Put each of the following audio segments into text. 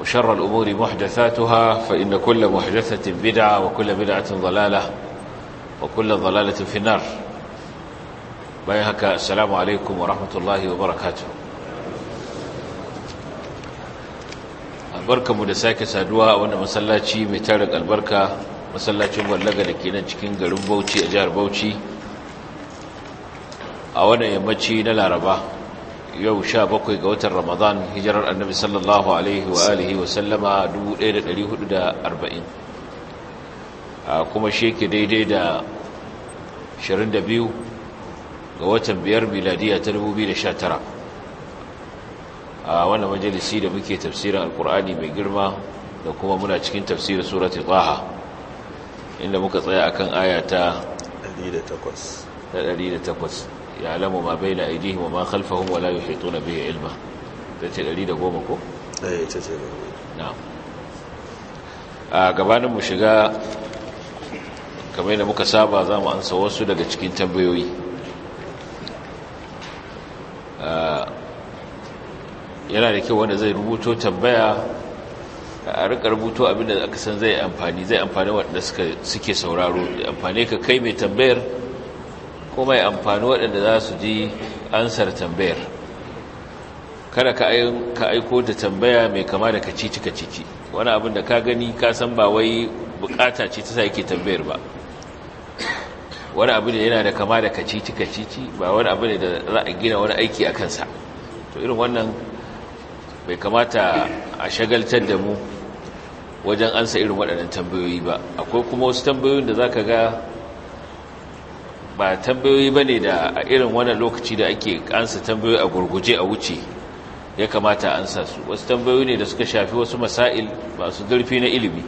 وشر الأمور محدثاتها فإن كل محدثة بدعة وكل بدعة ضلالة وكل ضلالة في النار بيهك السلام عليكم ورحمة الله وبركاته albarka mu da sake saduwa wanda masallaci mai tarin albarka masallacin wallaga da ke nan cikin garin bauchi a jihar bauchi a wannan yammaci na laraba yau sha bakwai ga watan ramadan hijirar annabi sallallahu alaihi wa alihi wa sallama 1440 kuma shi daidai da 22 ga watan biyar miladiya ta 2019 a wannan majalisi da muke tafsirin alkur'ani mai girma da kuma muna cikin tafsirin surati taha inda muka tsaya akan aya ta 108 ya'lamu ma bayna aydihim wa ma khalfahum wa la yuhituna bihi ilma tace 110 ko eh tace na'am a gabanin mu shiga kamar da muka saba za mu ansa wasu daga cikin tambayoyi yana da kyau wanda zai rubuto tambaya a rika rubuto abinda aka san zai amfani zai amfani waɗanda suke sauraro amfani ka kai mai tambayar ko mai amfani waɗanda za su ji ansar tambayar kada ka aiko da tambaya mai kama da kacici kacici wani abin da ka gani ka san ba wai bukata ce ta sa yake tambayar ba wani abu da yana da kama da kacici kacici ba wani abu da za a gina wani aiki a kansa to irin wannan bai kamata a shagaltar da mu wajen ansa irin waɗannan tambayoyi ba akwai kuma wasu tambayoyin da za ka ga ba tambayoyi ba ne da a irin wannan lokaci da ake ansa tambayoyi a gurguje a wuce ya kamata an sa su wasu tambayoyi ne da suka shafi wasu masail masu zurfi na ilimi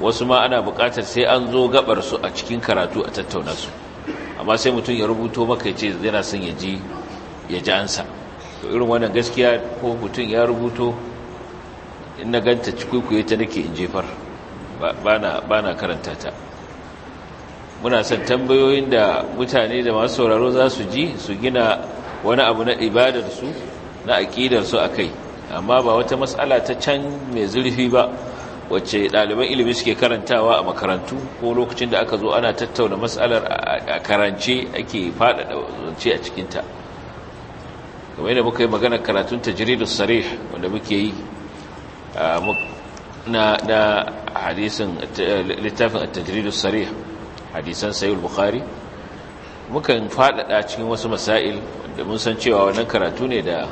wasu ma ana bukatar sai an zo gabar su a cikin karatu a tattauna su amma sai mutum ya rubuto maka ce yana son ya ji ya ji ansa to irin wannan gaskiya ko mutum ya rubuto in na ganta cikin ta nake in jefar ba na karanta ta muna son tambayoyin da mutane da masu sauraro za su ji su gina wani abu na ibadarsu na aƙidarsu a kai amma ba wata matsala ta can mai zurfi ba wacce ɗaliban ilimi suke karantawa a makarantu ko lokacin da aka zo ana tattauna matsalar a karance ake faɗaɗa zance a cikinta kamar yadda muka yi magana karatun ta da sare wanda muke yi na hadisin eh, littafin a da sarih hadisan sayul bukhari mukan faɗaɗa cikin wasu masail da mun san cewa wannan karatu ne da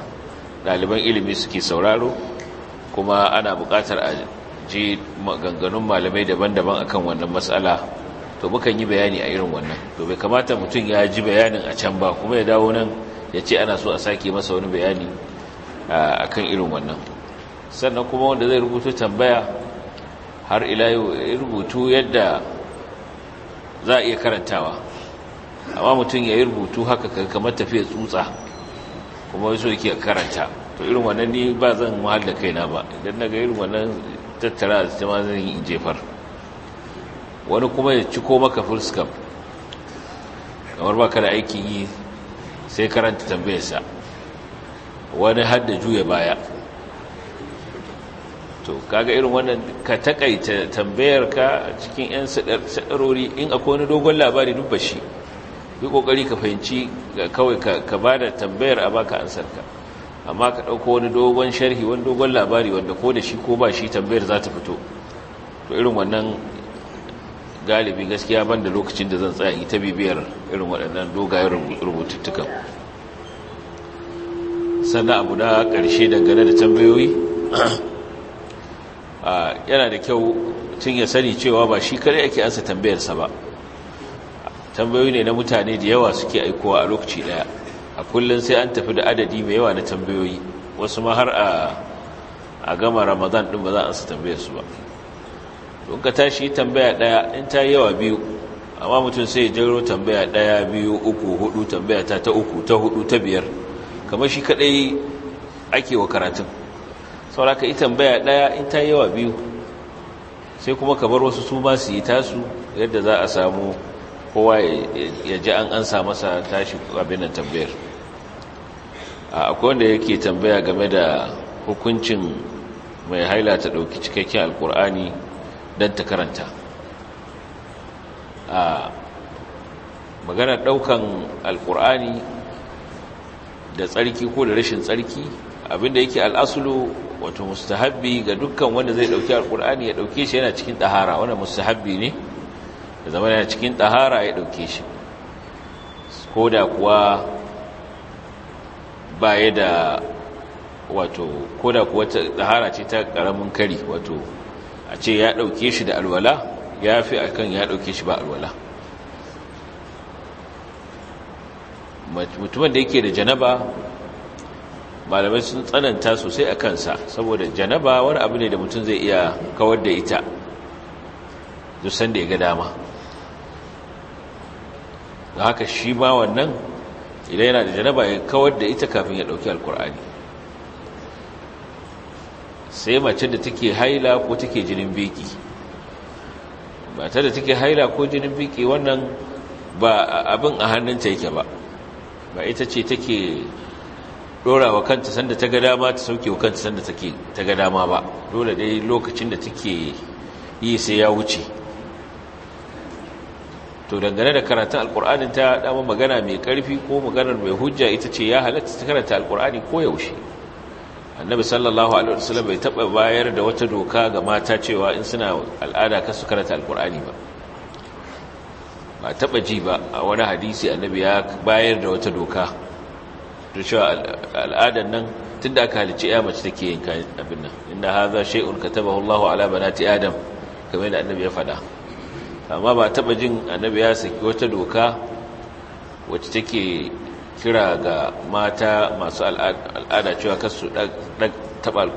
daliban ilimi suke sauraro kuma ana buƙatar a ji maganganun malamai daban-daban akan wannan matsala to mukan yi bayani a irin wannan to bai kamata mutum ya ji bayanin a can ba kuma ya dawo nan ya ce ana so a sake masa wani bayani akan irin wannan sannan kuma wanda zai rubutu tambaya har ila yau rubutu yadda za a iya karantawa amma mutum ya yi rubutu haka kamar tafiya tsutsa kuma wasu yake karanta to irin wannan ni ba zan muhalla kaina ba idan na ga irin wannan tattara da zan yi jefar wani kuma ya ciko maka fulskam kamar baka da aikin yi sai karanta tambayarsa wani hadda juya baya to kaga irin wannan ka takaita tambayar ka cikin yan sadarori in akwai wani dogon labari duk shi yi kokari ka fahimci kawai ka bada tambayar a baka ansar ka amma ka dauko wani dogon sharhi wani dogon labari wanda ko da shi ko ba shi tambayar za ta fito to irin wannan galibi gaskiya ban da lokacin da zan tsaya ta bibiyar irin waɗannan dogayen rubututtukan sannan abu na ƙarshe dangane da tambayoyi yana da kyau tun ya sani cewa ba shi kare ake ansa tambayarsa ba tambayoyi ne na mutane da yawa suke aikowa a lokaci daya a kullum sai an tafi da adadi mai yawa na tambayoyi wasu ma har a gama ramadan din ba za a ansa tambayarsu ba don ka tashi tambaya daya in ta yawa biyu amma mutum sai ya jaro tambaya daya biyu uku hudu tambaya ta ta uku ta hudu ta biyar kamar shi kadai ake wa karatun ka yi tambaya ɗaya in ta yi yawa biyu sai kuma ka bar wasu su ma su yi tasu yadda za a samu kowa ya ji an ansa masa tashi abin da tambayar akwai wanda yake tambaya game da hukuncin mai haila ta ɗauki cikakken alkur'ani don ta karanta a maganar ɗaukan alkur'ani da tsarki ko da rashin tsarki abinda yake al'asulu wato mustahabbi ga dukkan wanda zai dauki alkur'ani ya dauke shi yana cikin tahara wanda mustahabbi ne da zama yana cikin tahara ya dauke shi ko da kuwa baya da wato ko da kuwa tahara ce ta karamin kari wato a ce ya dauke shi da alwala ya fi akan ya dauke shi ba alwala mutumin da yake da janaba malamai sun tsananta sosai a kansa saboda janaba wani abu ne da mutum zai iya kawar da ita dusan da ya ga dama da haka shi ma wannan idan yana da janaba ya kawar da ita kafin ya ɗauki alkur'ani sai mace da take haila ko take jinin biki mata da take haila ko jinin biki wannan ba abin a hannunta yake ba ba ita ce take dora wa kanta sanda ta ga dama ta sauke wa kanta sanda ta ga dama ba dole dai lokacin da take yi sai ya wuce to dangane da karatun alkur'ani ta dama magana mai karfi ko maganar mai hujja ita ce ya halatta ta karanta alkur'ani ko yaushe annabi sallallahu alaihi wasallam bai taba bayar da wata doka ga mata cewa in suna al'ada su karanta alkur'ani ba ba taba ji ba a wani hadisi annabi ya bayar da wata doka to cewa al'adar nan tunda aka halicci ya mace take yin abin nan inda haza shay'un katabahu Allahu ala banati adam kamar da annabi ya faɗa amma ba taba jin annabi ya saki wata doka wacce take kira ga mata masu al'ada cewa kasu taba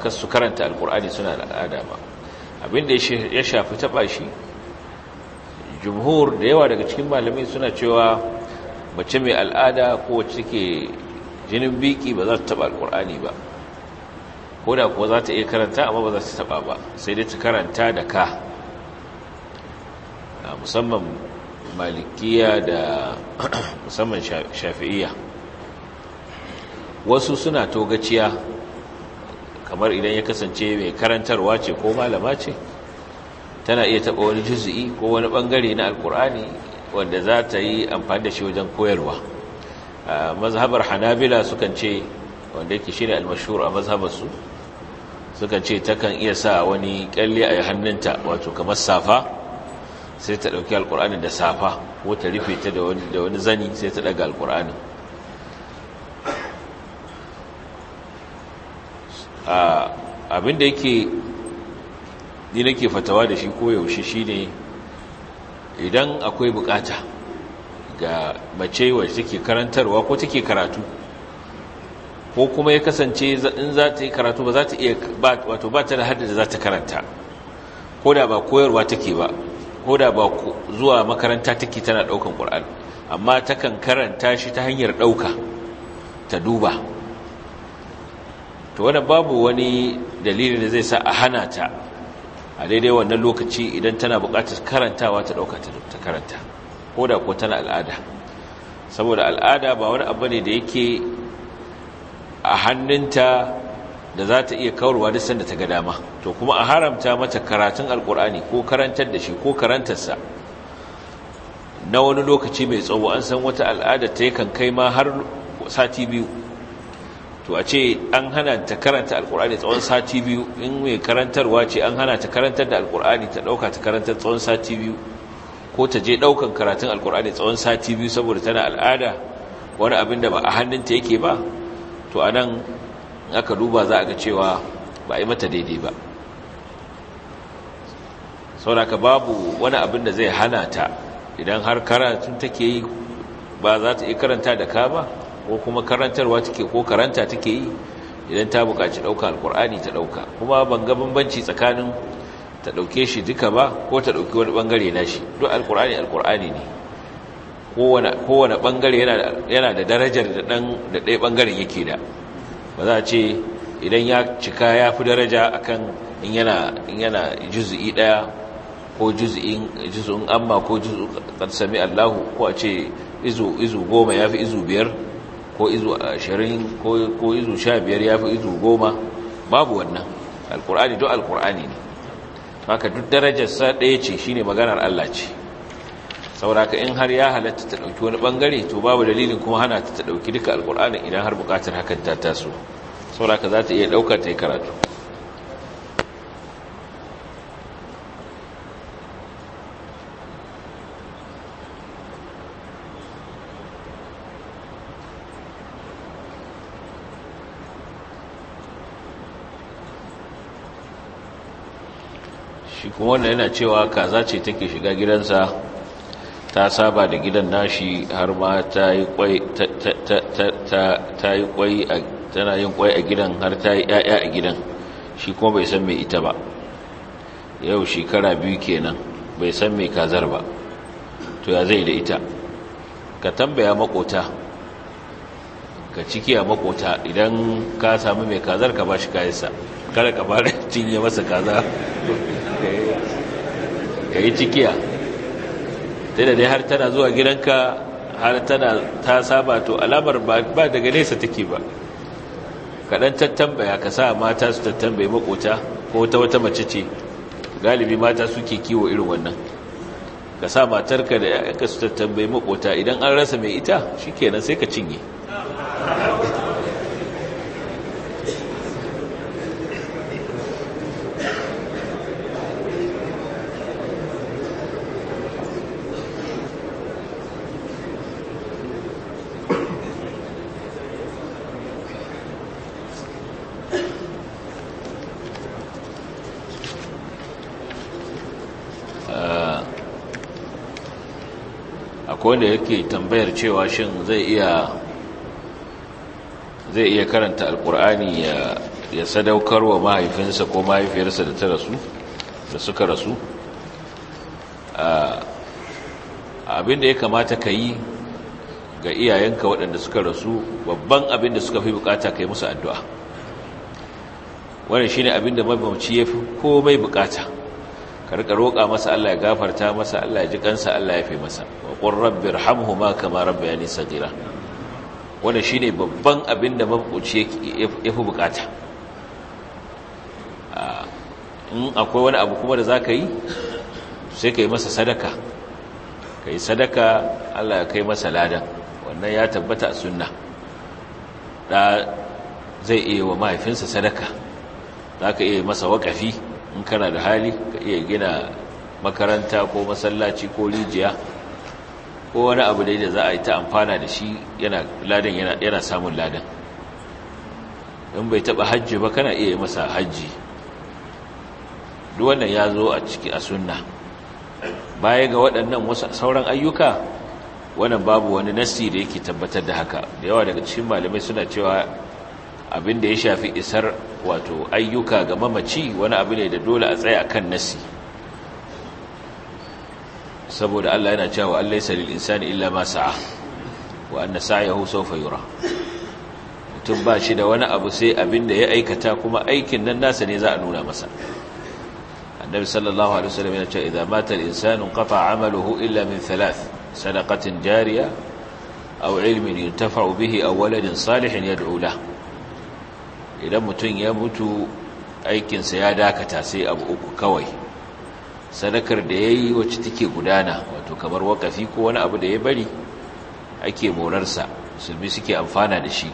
kasu karanta alqur'ani suna al'ada ba abin da ya shafi taba shi jumhur da yawa daga cikin malamai suna cewa mace mai al'ada ko cike jinin biki ba za ta taba alkur'ani ba ko da kuwa za ta iya karanta amma ba za ta taba ba sai dai ta karanta da ka musamman malikiya da musamman shafi'iya wasu suna togaciya kamar idan ya kasance mai karantarwa ce ko malama ce tana iya taba wani juzi'i ko wani bangare na alkur'ani wanda za ta yi amfani da shi wajen koyarwa mazhabar hanabila sukan ce wanda yake shi ne almashur a mazhabarsu sukan ce takan iya sa wani kyalle a hannunta wato kamar safa sai ta ɗauki alkur'ani da safa ko ta rufe ta da wani zani sai ta ɗaga alkur'ani abinda yake ni nake fatawa da shi koyaushe shi ne idan akwai bukata ga mace wacce take karantarwa ko take karatu ko kuma ya kasance in za ta yi karatu ba za ta iya wato ba ta da hadda da za ta karanta ko da ba koyarwa take ba ko da ba zuwa makaranta take tana daukan qur'ani amma takan karanta shi ta hanyar dauka ta duba to wannan babu wani dalilin da zai sa a hana ta a daidai wannan lokaci idan tana bukatar karantawa ta dauka ta karanta ko da kuwa tana al'ada saboda al'ada ba wani abu ne da yake a hannunta da za ta iya kawarwa duk sanda ta ga dama to kuma a haramta mata karatun alkur'ani ko karantar da shi ko karantarsa na wani lokaci mai tsawo an san wata al'ada ta yakan kai ma har sati biyu to a ce an hana ta karanta alkur'ani tsawon sati biyu in mai karantarwa ce an hana ta karantar da alkur'ani ta ɗauka ta karantar tsawon sati biyu ko ta je ɗaukan karatun alkur'ani tsawon sati biyu saboda tana al'ada wani abin da ba a hannunta yake ba to a nan aka duba za a ga cewa ba a yi mata daidai ba sauraka babu wani abin da zai hana ta idan har karatun take yi ba za ta iya karanta da ka ba ko kuma karantarwa take ko karanta take yi idan ta buƙaci ɗauka Alƙur'ani ta ɗauka kuma ban ga bambanci tsakanin ta ɗauke shi duka ba ko ta ɗauki wani ɓangare na shi duk alkur'ani Alƙur'ani ne kowane ɓangare yana da darajar da ɗaya ɓangaren yake da ba za a ce idan ya cika ya fi daraja akan in yana juzu'i ɗaya ko juzu'in amma ko juzu'in sami allahu ko a ce izu goma ya fi izu biyar ko izu ashirin ko izu sha biyar ya fi izu goma babu wannan alkur'ani duk alkur'ani ne haka duk darajarsa ɗaya ce shi ne maganar Allah ce sauraka in har ya halatta ta ɗauki wani ɓangare to babu dalilin kuma hana ta ɗauki duka alkur'anin idan har buƙatar hakan ta taso sauraka za ta iya ɗauka ta yi karatu kuma wannan yana cewa kaza ce take shiga gidansa ta saba da gidan nashi har ma ta yi kwai tana yin kwai a gidan har ta yi ‘ya'ya a gidan shi kuma bai san mai ita ba yau shekara biyu kenan bai san mai kazar ba to ya zai da ita ka tambaya makota ka ciki makota idan ka sami mai kazar ka ba shi kayansa kada ka ba da cinye masa kaza ya yi cikiya ta dai har tana zuwa gidanka har tana ta saba to alamar ba daga nesa take ba kaɗan tattambaya ka sa mata su tattambaye makota ko ta wata mace ce galibi mata suke kiwo irin wannan ka sa matarka da yanka su tambayi makota idan an rasa mai ita shi kenan sai ka cinye wanda yake tambayar cewa shin zai iya zai iya karanta alkur'ani ya ya sadaukar wa mahaifinsa ko mahaifiyarsa da ta rasu da suka rasu abin da ya kamata ka yi ga iyayenka waɗanda suka rasu babban abin da suka fi bukata ka yi musu addu'a shi shine abin da mabamci ya fi komai bukata ka rika roƙa masa Allah ya gafarta masa Allah ya ji kansa Allah ya fi masa qur rabbi ma kama rabbayani saghira wannan shine babban abin da ya yafi bukata in akwai wani abu kuma da zaka yi sai kai masa sadaka kai sadaka Allah ya kai masa ladan wannan ya tabbata a sunna da zai iya wa mahaifinsa sadaka za ka iya masa wakafi in kana da hali ka iya gina makaranta ko masallaci ko rijiya ko wani abu dai da za a yi ta amfana da shi yana ladan yana samun ladan in bai taba hajji ba kana iya masa hajji duk ya zo a ciki a sunna baya ga waɗannan sauran ayyuka wannan babu wani nasi da yake tabbatar da haka da yawa daga cikin malamai suna cewa abin da ya shafi isar wato ayyuka ga mamaci wani abu ne da dole a tsaye a kan nasi saboda Allah yana cewa Allah ya salil insani illa ma sa'a wa anna sa'yahu sawfa yura mutum ba shi da wani abu sai abin da ya aikata kuma aikin nan nasa ne za a nuna masa annabi sallallahu alaihi wasallam yana cewa idza mata al-insanu qata 'amaluhu illa min thalath sadaqatin jariya aw ilmin yuntafa'u bihi aw waladin salihin yad'u lahu idan mutum ya mutu aikinsa ya dakata sai abu uku kawai sadakar da ya yi wacce take gudana wato kamar wakafi ko wani abu da ya bari ake morarsa bi suke amfana da shi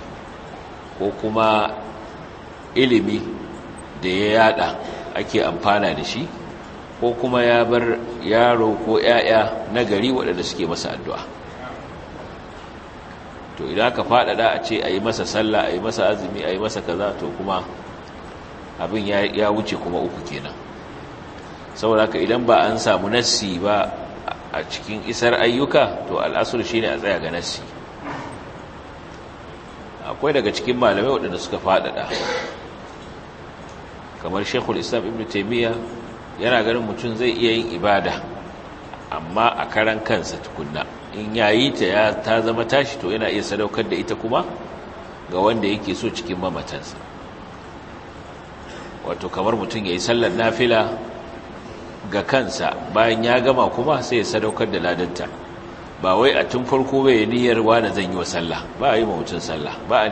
ko kuma ilimi da ya yada ake amfana da shi ko kuma ya bar yaro ko 'ya'ya na gari waɗanda suke masa addu'a to idan ka faɗaɗa a ce a yi masa sallah a yi masa azumi a yi masa kaza to kuma abin ya wuce kuma uku kenan saboda haka idan ba an samu nassi ba a cikin isar ayyuka to al'asur shine a tsaya ga nassi akwai daga cikin malamai waɗanda suka faɗaɗa kamar shekul islam ibn taimiyya yana ganin mutum zai iya yin ibada amma a karan kansa tukunna in yayi ta ta zama tashi to yana iya sadaukar da ita kuma ga wanda yake so cikin mamatansa wato kamar mutum ya yi sallar nafila ga kansa bayan ya gama kuma sai ya sadaukar da ladanta ba wai a tun farko bai niyyar da zan yi wa sallah ba a yi mawucin sallah ba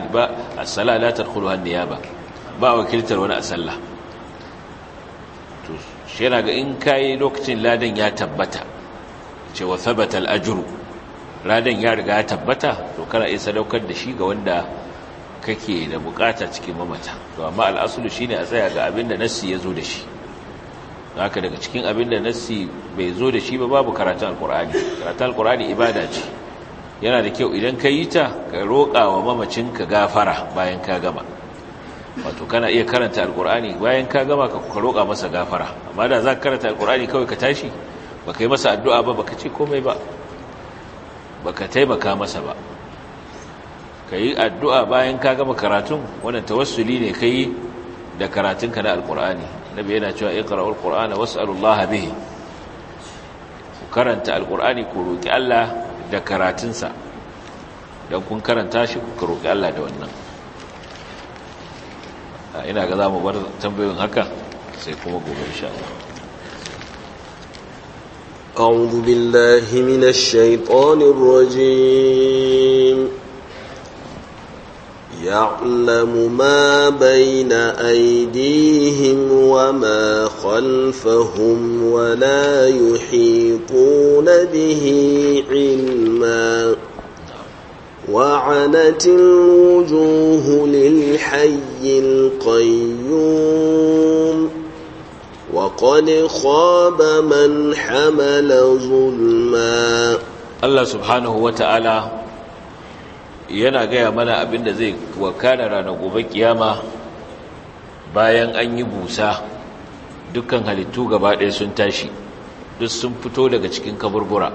a sallah la kudu hannu ya ba wakiltar wani a sallah shi yana ga in kayi lokacin ladan ya tabbata ce wa thabata ajiru ladan ya riga ya tabbata to kana iya sadaukar da shi ga wanda kake da bukata cikin mamata amma al shine a tsaya ga abin da nassi ya zo da shi haka daga cikin abin da nassi bai zo da shi ba babu karatun alkur'ani karatun alkur'ani ibada ce yana da kyau idan ka yi ta ka roƙa wa mamacinka gafara bayan ka gama wato kana iya karanta alkur'ani bayan ka gama ka roƙa masa gafara amma da za ka karanta alkur'ani kawai ka tashi ba ka yi masa addu'a ba ba ka ce komai ba ba ka taimaka masa ba ka yi addu'a bayan ka gama karatun wannan tawassuli ne ka yi da karatunka na alkur'ani annabi yana cewa iqra'ul qur'ana was'alullaha bihi karanta alqur'ani ku roki Allah da sa, dan kun karanta shi ku roki Allah da wannan ina ga zamu bar tambayoyin haka sai kuma gobe insha Allah أعوذ بالله من الشيطان الرجيم يعلم ما بين أيديهم وما خلفهم ولا يحيطون به علما وعنت الوجوه للحي القيوم وقد خاب من حمل ظلما الله سبحانه وتعالى yana gaya mana abin da zai wakana rana gobe kiyama bayan an yi busa dukkan halittu gaba ɗaya sun tashi duk sun fito daga cikin kaburbura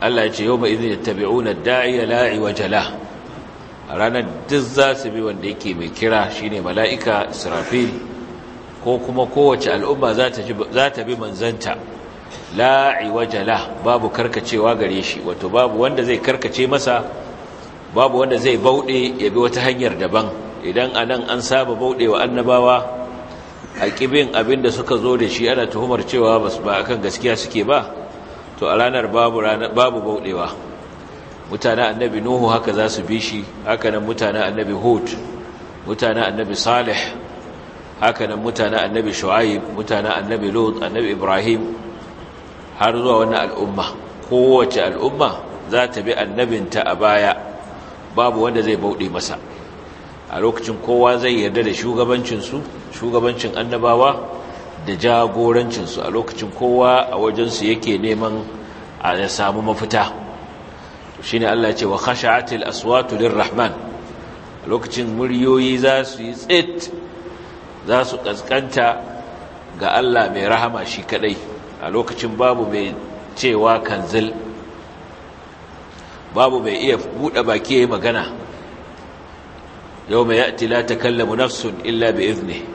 Allah ya ce yau ya izini tabi'una da'iya la'i wa jala a ranar duk za su bi wanda yake mai kira shine mala'ika israfil ko kuma kowace al'umma za ta bi manzanta la'i wa jala babu karkacewa gare shi wato babu wanda zai karkace masa babu wanda zai bauɗe ya bi wata hanyar daban idan a nan an saba bauɗe wa annabawa a ƙibin abin da suka zo da shi ana tuhumar cewa ba a kan gaskiya suke ba to a ranar babu bauɗewa mutane annabi nuhu haka za su bi shi haka nan mutanen annabi hud mutane annabi salih haka nan annabi shu'aib mutane annabi lut annabi ibrahim har zuwa wannan al'umma kowace al'umma za ta bi annabinta a baya babu wanda zai bauɗe masa a lokacin kowa zai yarda da shugabancinsu shugabancin annabawa da jagorancinsu a lokacin kowa a wajensu yake neman a samu mafita shi ne Allah ce wa khasha'atil aswatu lirrahman a lokacin muryoyi za su yi tsit za su ƙasƙanta ga Allah mai rahama shi kaɗai a lokacin babu mai cewa kanzil babu mai iya buɗe baki yayi magana yawma ya'ti la takallamu nafsun illa bi izni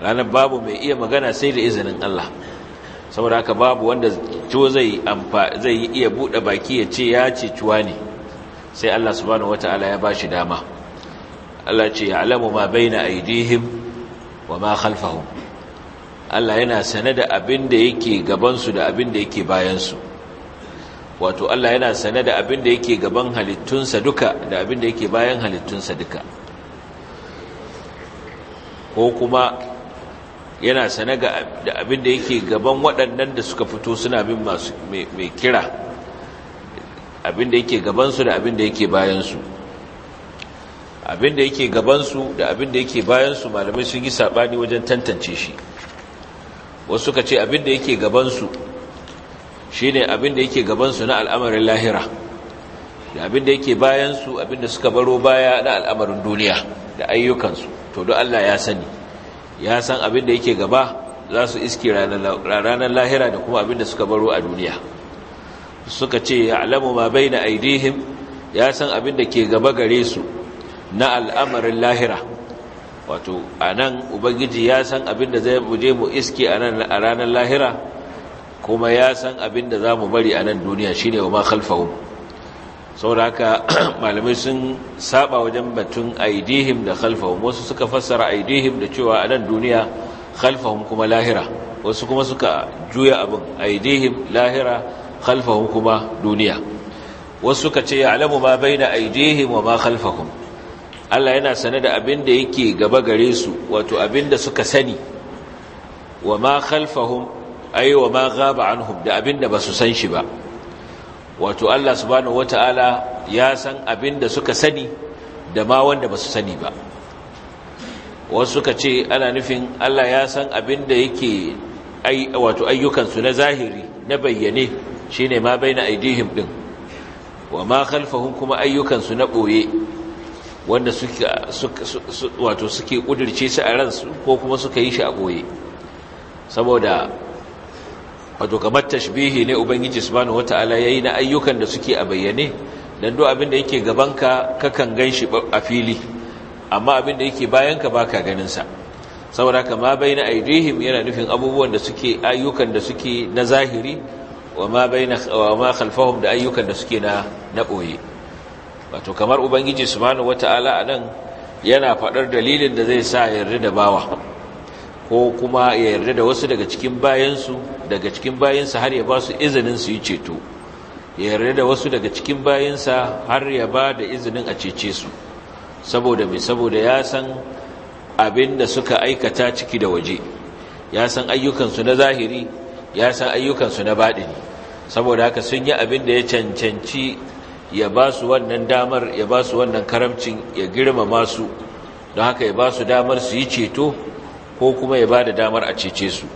ranar babu mai iya magana sai da izinin Allah saboda haka babu wanda ciwo zai zai iya buɗe baki ya ce ya ce ciwa ne sai Allah subhanahu wataala ya bashi dama Allah ce ya'lamu ma baina aidihim wa ma khalfahum Allah yana sane da abin da yake gabansu da abin da yake bayansu wato Allah yana sane da abin da yake gaban halittunsa duka da abin da yake bayan halittunsa duka ko kuma yana sane da abin da yake gaban waɗannan da suka fito suna bin masu mai kira abin da yake gabansu da abin da yake bayansu abin da yake gabansu da abin da yake bayansu malamai sun yi saɓani wajen tantance shi wasu suka ce abin da yake gabansu shine abin da yake gabansu na al'amarin lahira da abin da yake bayansu su abin da suka baro baya na al'amarin duniya da ayyukansu, to don Allah ya sani ya san abin da yake gaba za su iske ranar lahira da kuma abin da suka baro a duniya suka ce alamu ma na aidihim ya san abin da ke gaba gare su na al'amarin lahira wato anan ubangiji ya san abin da zai muje mu iske a ranar lahira kuma ya san abin da za mu bari a nan duniya shi ne wa ma khalfahum saboda haka malamai sun saba wajen batun aidihim da khalfahum wasu suka fassara aidihim da cewa a nan duniya khalfahum kuma lahira wasu kuma suka juya abin aidihim lahira khalfahum kuma duniya wasu suka ce ya'lamu ma baina aidihim wa ma khalfahum Allah yana sane da abin da yake gaba gare su wato abin da suka sani wa ma khalfahum ai wa ma ghaba anhum da abinda basu san shi ba wato Allah subhanahu wataala ya san abinda suka sani da ma wanda basu sani ba wasu suka ce ana nufin Allah ya san abinda yake ai wato ayyukan su na zahiri na bayyane shine ma baina aidihim din wa ma khalfahum kuma ayyukan su na boye wanda suke wato suke kudirce su a ransu ko kuma suka yi shi a boye saboda wato kamar tashbihi ne ubangiji subhanahu wataala yayi na ayyukan da suke a bayyane dan duk abin da yake gabanka kakan ganshi a fili amma abin da yake ka baka ganin sa saboda haka ma baina aidihim yana nufin abubuwan da suke ayyukan da suke na zahiri wa ma baina wa ma khalfahum da ayyukan da suke na na boye wato kamar ubangiji subhanahu wataala anan yana fadar dalilin da zai sa yarda da bawa ko kuma ya yarda da wasu daga cikin bayansu daga cikin bayansa har ya ba su izinin su yi ceto ya yarda da wasu daga cikin bayansa har ya ba da izinin a cece su saboda mai saboda ya san abin da suka aikata ciki da waje ya san ayyukansu na zahiri ya san ayyukansu na baɗini saboda haka sun yi abin da ya cancanci ya ba su wannan damar ya ba su wannan karamcin ya girmama su don haka ya ba su damar su yi ceto ko kuma ya ba da damar a cece su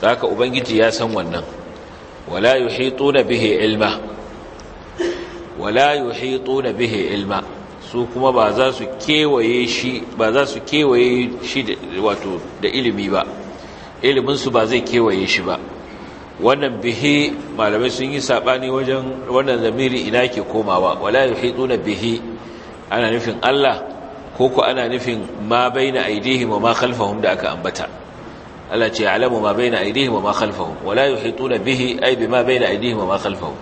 Za ka ubangiji ya san wannan wala tona bihi ilma wala tona ilma su kuma ba za su kewaye shi ba za su kewaye shi wato da ilimi ba iliminsu ba zai kewaye shi ba wannan bihe malamai sun yi saɓani wajen wannan zamiri ina ke komawa wala tona bihe ana nufin Allah ko ku ana nufin ma bai na aidihim wa ma khalfahum da aka ambata Allah ce alamu ma bai na aidihim wa ma khalfahum wala yuhituna bihi ay bima na aidihim wa ma khalfahum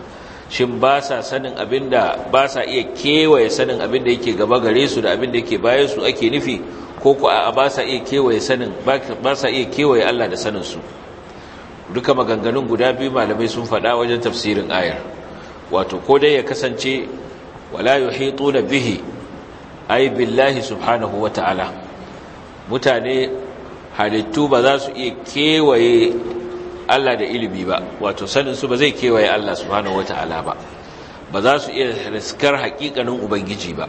shin ba sa sanin abinda ba sa iya kewaye sanin abinda yake gaba gare su da abinda yake bayan su ake nufi ko ku a ba sa iya kewaye sanin ba sa iya kewaye Allah da sanin su duka maganganun guda biyu malamai sun faɗa wajen tafsirin ayar wato ko dai ya kasance wala yuhituna bihi ai billahi subhanahu wa ta'ala mutane halittu ba za su iya kewaye Allah da ilimi ba wato saninsu ba zai kewaye Allah subhanahu wa ta'ala ba ba za su iya riskar haƙiƙanin ubangiji ba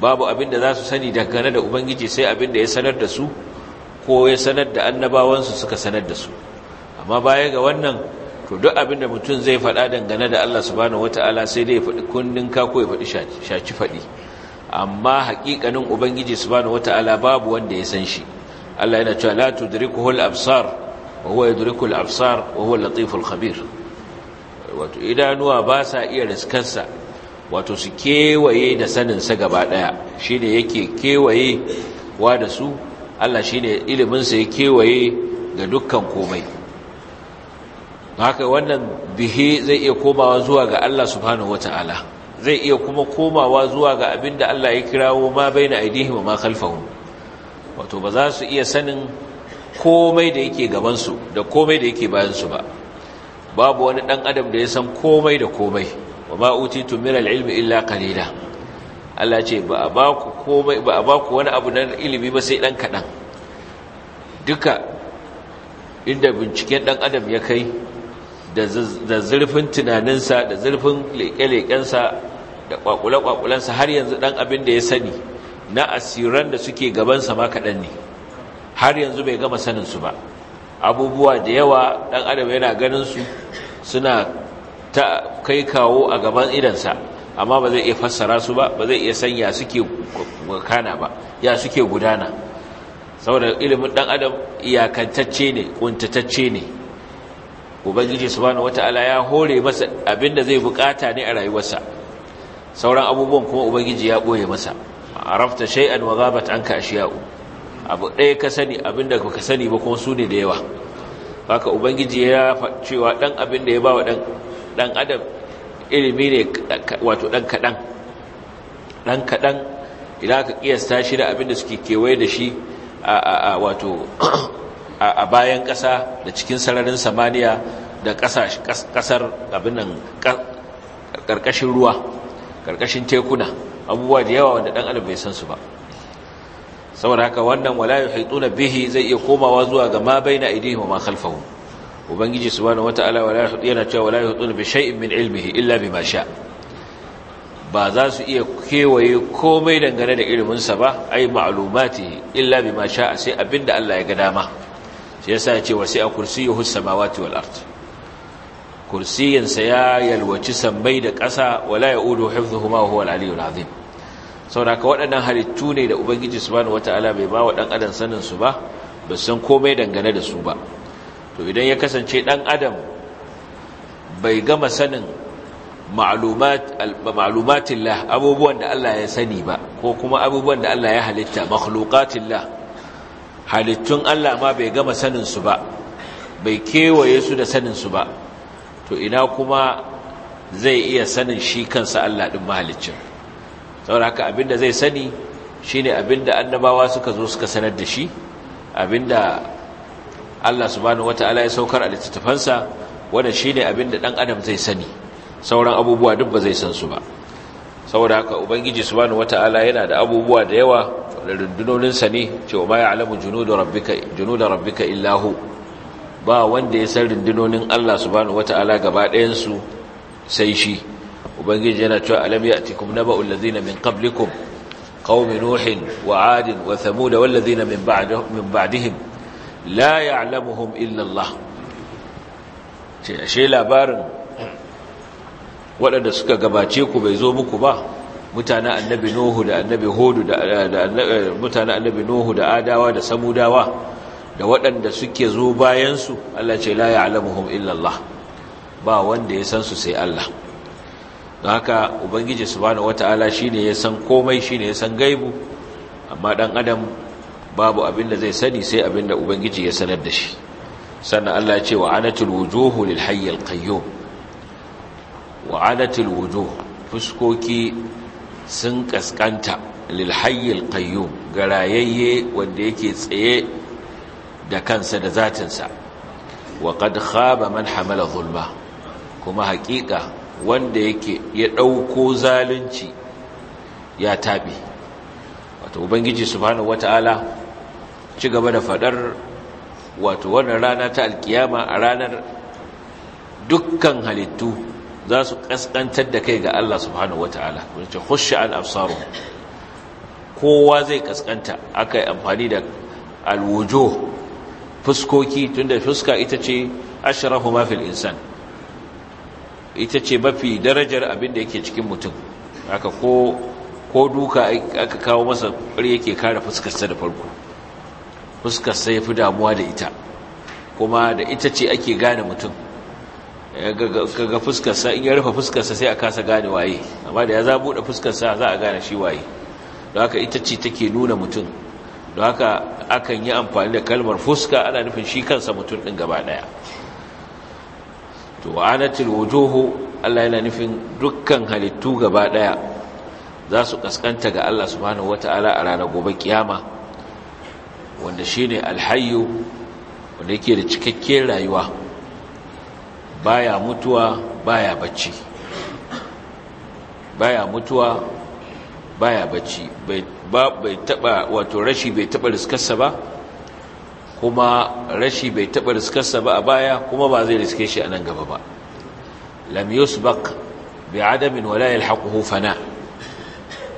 babu abin da za su sani dangane da ubangiji sai abin da ya sanar da su ko ya sanar da annabawansu suka sanar da su amma baya ga wannan to duk abin da mutum zai faɗa dangane da Allah subhanahu wata'ala sai dai ya faɗi kundin ka ko ya faɗi shaci faɗi amma haƙiƙanin ubangiji subhanahu wataala babu wanda ya san shi Allah yana cewa la tudrikuhu absar wa huwa yudriku absar wa huwa al-latiful khabir wato idanuwa ba sa iya riskarsa wato su kewaye da sanin sa gaba daya shine yake kewaye wa da su Allah shine ilimin sa ya kewaye ga dukkan komai haka wannan bihi zai iya komawa zuwa ga Allah subhanahu wataala zai iya kuma komawa zuwa ga abin da Allah ya kirawo ma bai na aidihi ma khalfahum wato ba za su iya sanin komai da yake gabansu da komai da yake bayansu ba babu wani ɗan adam da ya san komai da komai wa ma utitu min ilmi illa qalila Allah ce ba a ba wani abu na ilimi ba sai dan kadan duka inda binciken ɗan adam ya kai da zurfin tunaninsa da zurfin leƙe-leƙensa da ƙwaƙule-ƙwaƙulensa har yanzu ɗan abin da ya sani na asiran da suke gabansa ma kaɗan ne har yanzu bai gama saninsu ba abubuwa da yawa ɗan adam yana ganinsu suna ta kai kawo a gaban idansa amma ba zai iya fassara su ba ba zai iya sanya suke kana ba ya suke gudana saboda ilimin ɗan adam iyakantacce ne ƙuntatacce ne ubangiji subhanahu wataala ya hore masa abin da zai bukata ne a rayuwarsa sauran abubuwan kuma ubangiji ya boye masa arafta shay'an wa ghabat anka ashiya'u abu ɗaya ka sani abinda ka sani ba kuma su ne da yawa haka ubangiji ya cewa dan abin da ya bawa wa dan dan adam ilimi ne wato dan kadan dan kadan idan ka kiyasta shi da abin da suke kewaye da shi a wato a bayan ƙasa da cikin sararin samaniya da ƙasar abin ƙarƙashin ruwa ƙarƙashin tekuna abubuwa da yawa wanda ɗan adam bai san su ba saboda haka wannan wala yuhituna bihi zai iya komawa zuwa ga ma na idihi wa ma kalfahu ubangiji su wata ala, wala yana cewa wala yuhituna bi shai'in min ilmihi illa bi ma sha ba za su iya kewaye komai dangane da iliminsa ba ai ma'alumati, illa bi ma sha sai abinda Allah ya ga dama shi yasa ya ce wasi a kursiyuhu samawati wal ard kursiyinsa ya yalwaci sambai da ƙasa wala ya'udu hifdhuhuma wa huwa al aliyyul azim ka waɗannan halittu ne da ubangiji subhanahu wataala bai ba wa ɗan adam sanin su ba ba san komai dangane da su ba to idan ya kasance ɗan adam bai gama sanin ma'lumatillah abubuwan da Allah ya sani ba ko kuma abubuwan da Allah ya halitta makhluqatillah halittun Allah ma bai gama saninsu ba bai kewaye su da saninsu ba to ina kuma zai iya sanin shi kansa Allah ɗin mahalicin saboda haka abinda zai sani shine abinda annabawa suka zo suka sanar da shi abinda Allah subhanahu wataala ya saukar a littattafansa wanda shine abinda dan adam zai sani sauran abubuwa duk ba zai san su ba saboda haka ubangiji subhanahu wataala yana da abubuwa da yawa da rundunoninsa ne cewa ma ya'lamu junuda junuda rabbika illa ba wanda ya san rundunonin Allah subhanahu wataala gaba ɗayan su sai shi ubangiji yana cewa alam ya'tikum naba'ul ladzina min qablikum qaumi nuhin wa 'adin wa thamud wal ladzina min ba'dihim min ba'dihim la ya'lamuhum illa Allah ce ashe labarin waɗanda suka gabace ku bai zo muku ba mutanen annabi nuhu da annabi hudu da mutanen annabi nuhu da adawa da samudawa da waɗanda suke zo bayansu Allah ce la ya'lamuhum illa Allah ba wanda ya san su sai Allah don haka ubangiji subhanahu wataala shine ya san komai shine ya san gaibu amma dan adam babu abin da zai sani sai abin da ubangiji ya sanar da shi sannan Allah ya ce wa wujuhu lil hayyil qayyum wa wujuh fuskoki sun kaskanta lilhayyil qayyum garayayye wanda yake tsaye da kansa da zatinsa wa qad khaba man hamala zulma kuma haƙiƙa wanda yake ya ɗauko zalunci ya taɓe wato ubangiji subhanahu wata'ala ci gaba da faɗar wato wannan rana ta alkiyama a ranar dukkan halittu za su kaskantar da kai ga Allah subhanahu wataala wace khusha an absaru kowa zai kaskanta akai amfani da alwujo, fuskoki tunda fuska ita ce ashrahu ma fil insan ita ce mafi darajar abin da yake cikin mutum haka ko ko duka aka kawo masa ƙari yake kare fuskarsa da farko fuskarsa ya fi damuwa da ita kuma da ita ce ake gane mutum ga ga fuskarsa in ya rufe fuskarsa sai a kasa gane waye amma da ya za buɗe fuskarsa za a gane shi waye don haka ita ce take nuna mutum don haka akan yi amfani da kalmar fuska ana nufin shi kansa mutum ɗin gaba ɗaya to anatil wujuhu Allah yana nufin dukkan halittu gaba ɗaya za su kaskanta ga Allah subhanahu wata'ala a ranar gobe kiyama wanda shine alhayyu wanda yake da cikakken rayuwa baya mutuwa baya bacci baya mutuwa baya bacci bai taba wato rashi bai taba riskarsa ba kuma rashi bai taba riskarsa ba a baya kuma ba zai riske shi a nan gaba ba lam yusbaq bi adamin wala yalhaquhu fana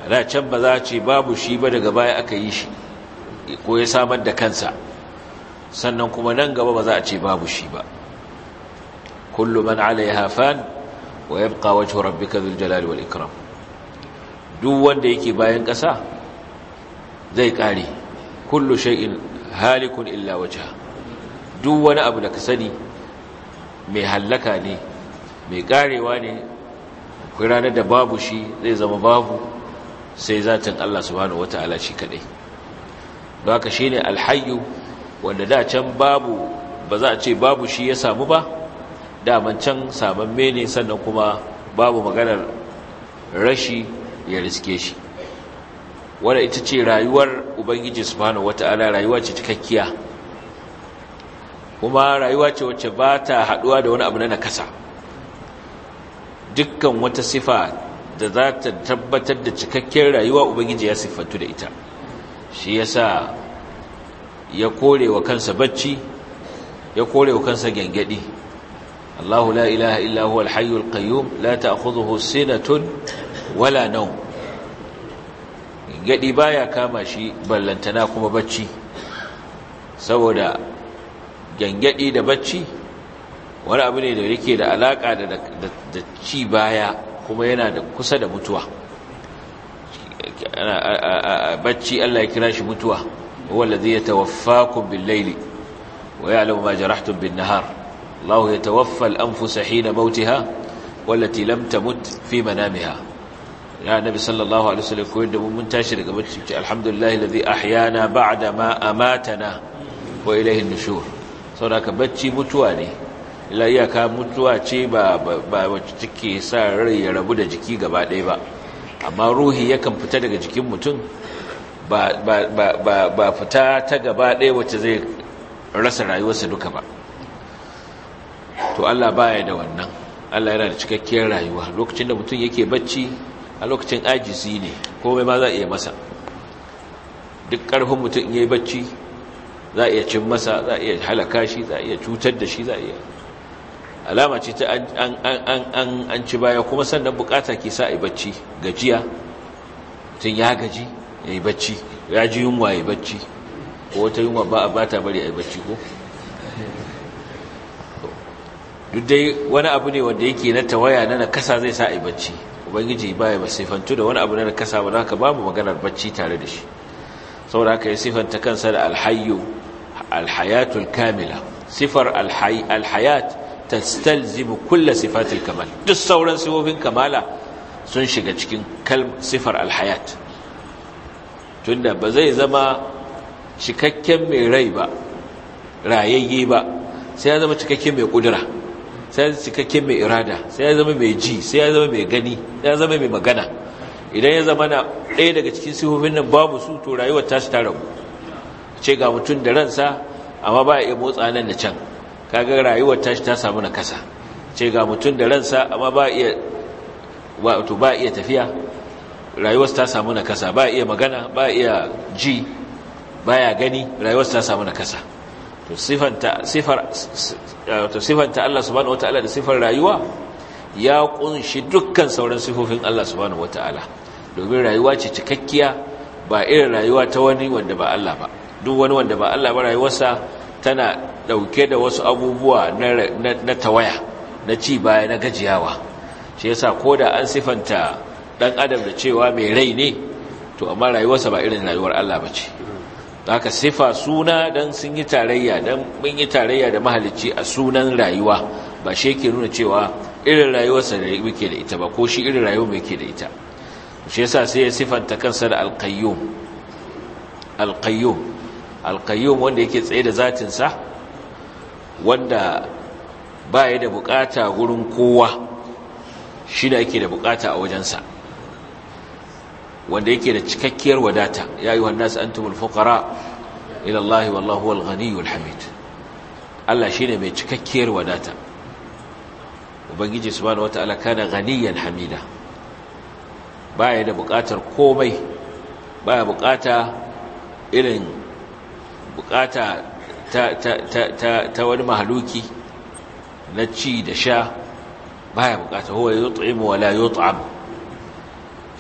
da can ba za ce babu shi ba daga baya aka yi shi ko ya samar da kansa sannan kuma nan gaba ba za a ce babu shi ba kullu man ya fan wa yabqa wajhu rabbika dhul jalali wal ikram duk wanda yake bayan ƙasa zai ƙare. kullu shay'in halikun illa wajha duk wani abu da ka sani mai hallaka ne mai karewa ne akwai ranar da babu shi zai zama babu sai zatin Allah subhanahu wata'ala kaɗai. kadai don haka shine alhayyu wanda da can babu ba za a ce babu shi ya samu ba daman can samamme ne sannan kuma babu maganar rashi ya riske shi wadda ita ce rayuwar ubangiji wata wata'ala rayuwa ce cikakkiya kuma rayuwa ce wacce ba ta haɗuwa da wani abu na nakasa dukkan wata sifa da za ta tabbatar da cikakkiyar rayuwa ubangiji ya siffantu da ita shi ya sa ya kore wa kansa bacci ya kore wa kansa gyangyaɗi الله لا إله إلا هو الحي القيوم لا تأخذه tun wala نوم gadi baya kama shi ballantana kuma bacci saboda gangadi da bacci wani abu ne da yake da alaƙa da ci baya kuma yana da kusa da mutuwa bacci Allah ya kira shi mutuwa wallazi yatawaffakum bil layli wa ya'lamu ma jarahtum bin nahar Allah ya tawaffal an anfusa hina mautiha wallati lamta tamut fi manamiha ya nabi sallallahu alaihi wasallam ko yadda mun tashi daga bacci alhamdulillah alladhi ahyana ba'da ma amatana wa ilayhi an-nushur saboda bacci mutuwa ne ila iyaka mutuwa ce ba ba wacce take sa rai ya rabu da jiki gaba ɗaya ba amma ruhi yakan fita daga jikin mutum ba ba ba ba fita ta gaba ɗaya wacce zai rasa rayuwarsa duka ba to Allah baya da wannan Allah yana da cikakkiyar rayuwa lokacin da mutum yake bacci a lokacin ajizi ne komai ma za a iya masa duk ƙarfin mutum in yi bacci za a iya cin masa za a iya halaka shi za a iya cutar da shi za a iya alama ce ta an ci baya kuma sannan bukata ke sa a yi bacci gajiya mutum ya gaji ya yi bacci ya ji yunwa ya yi bacci ko wata yunwa ba a bata bari a yi bacci ko dudai dai wani abu ne wanda yake na tawaya na nakasa zai sa a yi bacci ubangiji baya ba sifantu da wani abu na nakasa ba haka babu maganar bacci tare da shi saboda haka ya sifanta kansa da alhayyu alhayatul kamila sifar alhayat tastalzimu kulla sifatil kamal duk sauran sifofin kamala sun shiga cikin sifar alhayat tunda ba zai zama cikakken mai rai ba rayayye ba sai ya zama cikakken mai kudura sai ya cikakken mai irada sai ya zama mai ji sai ya zama mai gani sai ya zama mai magana idan ya zama na ɗaya daga cikin sifofin nan babu su to rayuwar tashi ta rabu ce ga mutum da ransa amma ba ya iya motsa nan da can kaga rayuwar tashi ta samu nakasa ce ga mutum da ransa amma ba iya wato ba iya tafiya rayuwar ta samu nakasa ba iya magana ba iya ji ba ya gani rayuwar ta samu nakasa to sifanta sifar to Allah subhanahu ta'ala da sifar rayuwa ya kunshi dukkan sauran sifofin Allah subhanahu ta'ala domin rayuwa ce cikakkiya ba irin rayuwa ta wani wanda ba Allah ba duk wani wanda ba Allah ba rayuwarsa tana dauke da wasu abubuwa na tawaya na ci baya na gajiyawa shi yasa ko da an sifanta dan adam da cewa mai rai ne to amma rayuwarsa ba irin rayuwar Allah ba ce haka sifa suna don sun yi tarayya don mun yi tarayya da mahalicci a sunan rayuwa ba shi yake nuna cewa irin rayuwarsa da muke da ita ba ko shi irin rayuwar muke da ita shi yasa sai ya sifanta kansa da alqayyum alqayyum alqayyum wanda yake tsaye da zatinsa wanda ba ya da bukata wurin kowa shi da yake da bukata a wajensa wanda yake da cikakkiyar wadata ya yi wannan antumul fuqara ila Allah wallahu wal ghaniyul hamid Allah shine mai cikakkiyar wadata ubangiji subhanahu wataala kana ghaniyan hamida baya da buƙatar komai baya buƙata irin buƙata ta ta ta ta wani mahaluki na ci da sha baya buƙata huwa yut'imu wala yut'am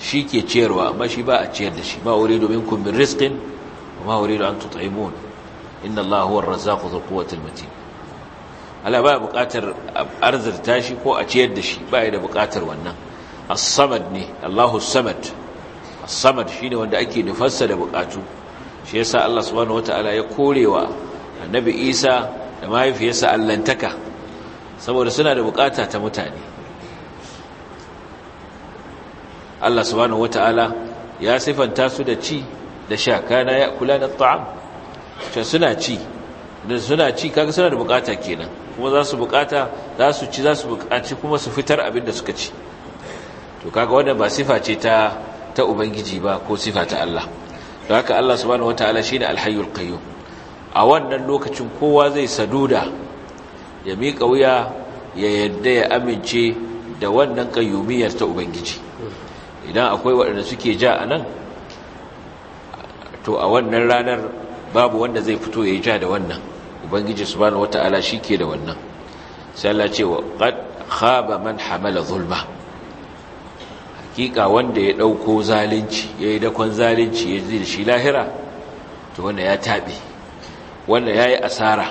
shi ke ciyarwa amma shi ba a ciyar da shi ma uridu minkum min riskin, wa ma uridu an tut'imun inna Inda huwa ar-razzaqu ku quwwati al-matin Allah ba buƙatar arzurta shi ko a ciyar da shi ba da buƙatar wannan as-samad ne Allahu samad as-samad shine wanda ake nufarsa da buƙatu shi yasa Allah subhanahu ta'ala ya wa annabi Isa da mahaifiyarsa allantaka saboda suna da buƙata ta mutane Allah subhanahu wataala ya sifanta su da ci da sha kana ya kula da ta'am can suna ci da suna ci kaga suna da bukata kenan kuma za su bukata za su ci za su bukaci kuma su fitar abin da suka ci to kaga wannan ba sifa ce ta ta ubangiji ba ko sifa ta Allah don haka Allah subhanahu wataala shine alhayyul qayyum a wannan lokacin kowa zai saduda ya miƙa wuya ya yadda ya amince da wannan kayyumiyar ta ubangiji idan akwai waɗanda suke ja a nan to a wannan ranar babu wanda zai fito ya ja da wannan ubangiji su subhanahu wata'ala shi ke da wannan sai Allah ce wa qad man hamala zulma hakika wanda ya ɗauko zalunci yi dakon zalunci ya ji shi lahira to wanda ya taɓi, wanda ya yi asara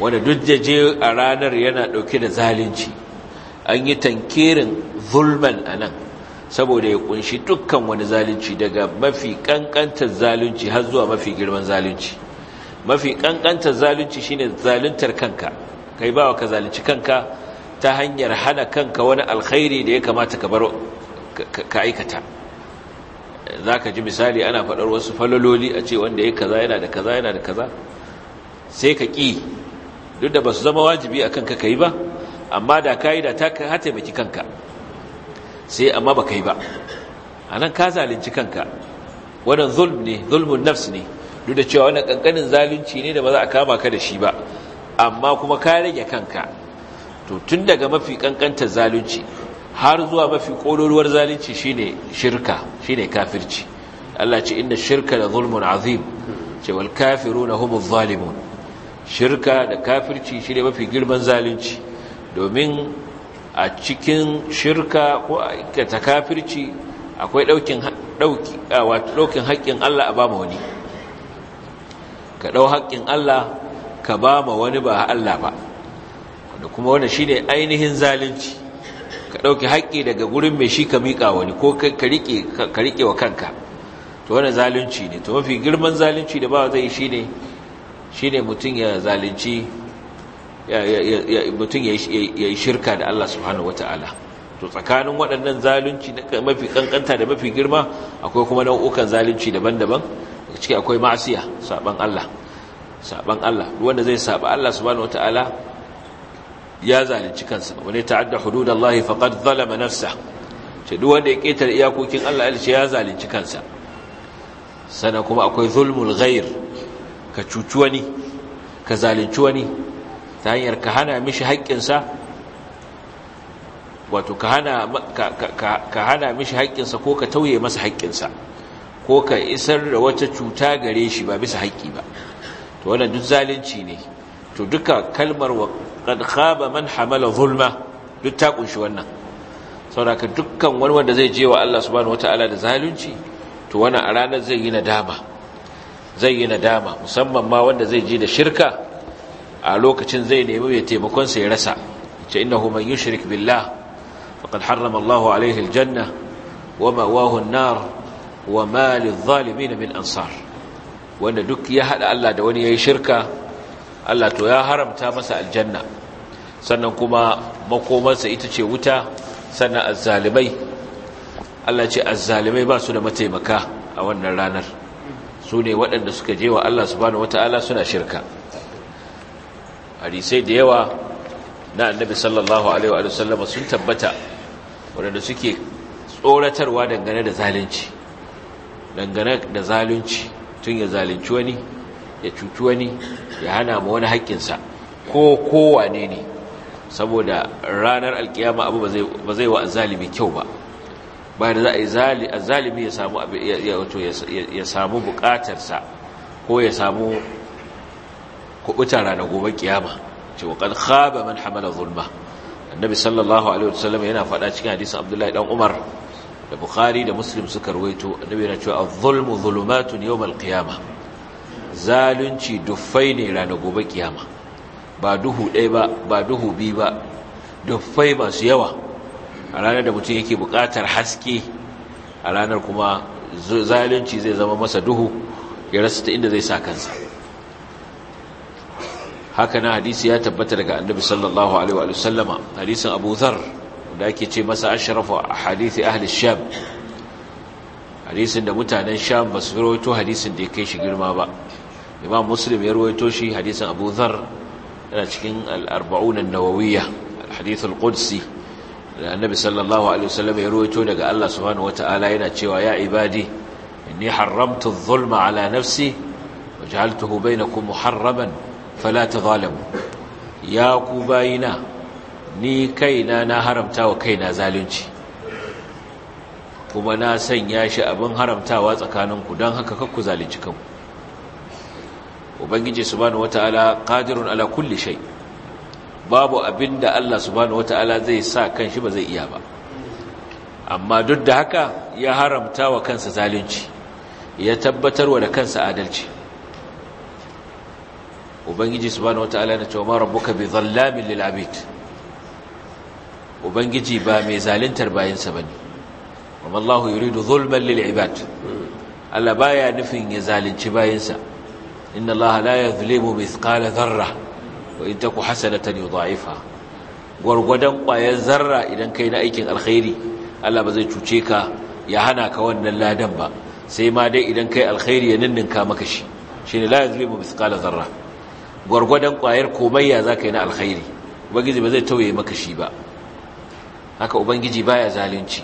wanda duk da je a ranar yana ɗauke da zalunci an yi tankerin zulman a nan. saboda ya kunshi dukkan wani zalunci daga mafi kankantar zalunci har zuwa mafi girman zalunci mafi kankantar zalunci shine zaluntar kanka kai bawa ka zalunci kanka ta hanyar hana kanka wani alkhairi da ya kamata ka bar ka aikata zaka ji misali ana faɗar wasu falololi a ce wanda ya kaza yana da kaza yana da kaza sai ka ƙi duk da ba su zama wajibi a kanka ka yi ba amma da ka yi da ta taimaki kanka sai amma ba kai ba a nan ka zalunci kanka wannan zulm ne zulmun nafs ne duk da cewa wannan kankanin zalunci ne da ba za a kama ka da shi ba amma kuma ka rage kanka to tun daga mafi kankantar zalunci har zuwa mafi kololuwar zalunci shine shirka shine kafirci Allah ce inna shirka la zulmun azim ce wal na humuz zalimun shirka da kafirci shine mafi girman zalunci domin a cikin shirka ko a aikata kafirci akwai ɗaukin haƙƙin Allah a bama wani ka ɗau haƙƙin Allah ka bama wani ba Allah ba wanda kuma wani shi ainihin zalunci ka ɗauki haƙƙi daga gurin mai shi ka miƙa wani ko ka riƙe wa kanka to wani zalunci ne to mafi girman zalunci da ba zai shi ne mutum ya zalunci mutum ya yi shirka da Allah subhanahu wata'ala to tsakanin waɗannan zalunci mafi kankanta da mafi girma akwai kuma nau'ukan zalunci daban-daban ciki akwai ma'asiya saban Allah saban Allah wanda zai saba Allah subhanahu wata'ala ya zalunci kansa wani ta'adda hududallahi faqad zalama nafsa ce duk wanda ya ketare iyakokin Allah alce ya zalunci kansa sannan kuma akwai zulmul ghair ka cuci wani ka zalunci wani ta hanyar ka hana mishi haƙƙinsa wato ka hana mishi haƙƙinsa ko ka tauye masa haƙƙinsa ko ka isar da wata cuta gare shi ba bisa haƙƙi ba to wannan duk zalunci ne to duka kalmar wa qad khaba man hamala zulma duk ta kunshi wannan saboda dukkan wani wanda zai je wa Allah subhanahu wataala da zalunci to wannan a ranar zai yi nadama zai yi nadama musamman ma wanda zai je da shirka a lokacin zai nemi mai taimakonsa ya rasa ce innahu man yushrik billah faqad harrama Allahu alaihi aljanna wa ma'wahu an-nar wa ma lidh-dhalimin min ansar wanda duk ya hada Allah da wani yayi shirka Allah to ya haramta masa aljanna sannan kuma makomarsa ita ce wuta sannan zalimai. Allah ce zalimai ba su da mataimaka a wannan ranar su ne waɗanda suka je wa Allah subhanahu wata'ala suna shirka hadisai da yawa na annabi sallallahu alaihi wa sallama sun tabbata wadanda suke tsoratarwa dangane da zalunci dangane da zalunci tun ya zalunci wani ya cutu wani ya hana ma wani haƙƙinsa ko kowane ne saboda ranar alkiyama abu ba zai wa zalimi kyau ba bayan da za a yi zalimi ya samu bukatarsa ko ya samu kubuta ranar gobe kiyama ce wa qad khaba man hamala zulma annabi sallallahu alaihi wasallam yana faɗa cikin hadisi abdullahi dan umar da bukhari da muslim suka ruwaito annabi yana cewa az-zulmu zulumatun yawm al-qiyama zalunci duffai ne ranar gobe kiyama ba duhu ɗaya ba ba duhu biyu ba duffai masu yawa a ranar da mutum yake buƙatar haske a ranar kuma zalunci zai zama masa duhu ya rasa ta inda zai sa kansa haka na hadisi ya tabbata daga annabi sallallahu alaihi wa sallama hadisin abu zar da ake ce masa ashrafu hadisi ahli sham hadisin da mutanen sham basu su rawaito hadisin da ya kai shi girma ba imam muslim ya rawaito shi hadisin abu zar yana cikin al-arba'un an-nawawiyya al-hadith al-qudsi da annabi sallallahu alaihi wasallam ya rawaito daga Allah subhanahu yana cewa ya ibadi inni haramtu adh-dhulma ala nafsi waj'altuhu bainakum muharraman Falata tazalamu ya ku bayina ni kaina na haramta wa kaina zalunci kuma na sanya shi abin haramtawa tsakaninku don haka kakku zalunci kanku ubangiji subhanahu wataala qadirun ala kulli shay babu abinda Allah subhanahu wataala zai sa kanshi ba zai iya ba amma duk da haka ya haramta wa kansa zalunci ya tabbatarwa da kansa adalci ubangiji subhanahu wataala na cewa ma rabbuka bi dhallamin lil abid ubangiji ba mai zalintar bayansa bane amma Allah yuridu zulman lil ibad Allah baya nufin ya zalunci bayansa inna Allah la yuzlimu mithqala dharra wa in taku hasanatan yudha'ifha gurgudan ƙwayar zarra idan kai na aikin alkhairi Allah ba zai cuce ka ya hana ka wannan ladan ba sai ma dai idan kai alkhairi ya ninninka maka shi shine la yuzlimu mithqala dharra gwargwadon kwayar komayya za ka yi na alkhairi ubangiji ba zai tauye maka shi ba haka ubangiji baya zalunci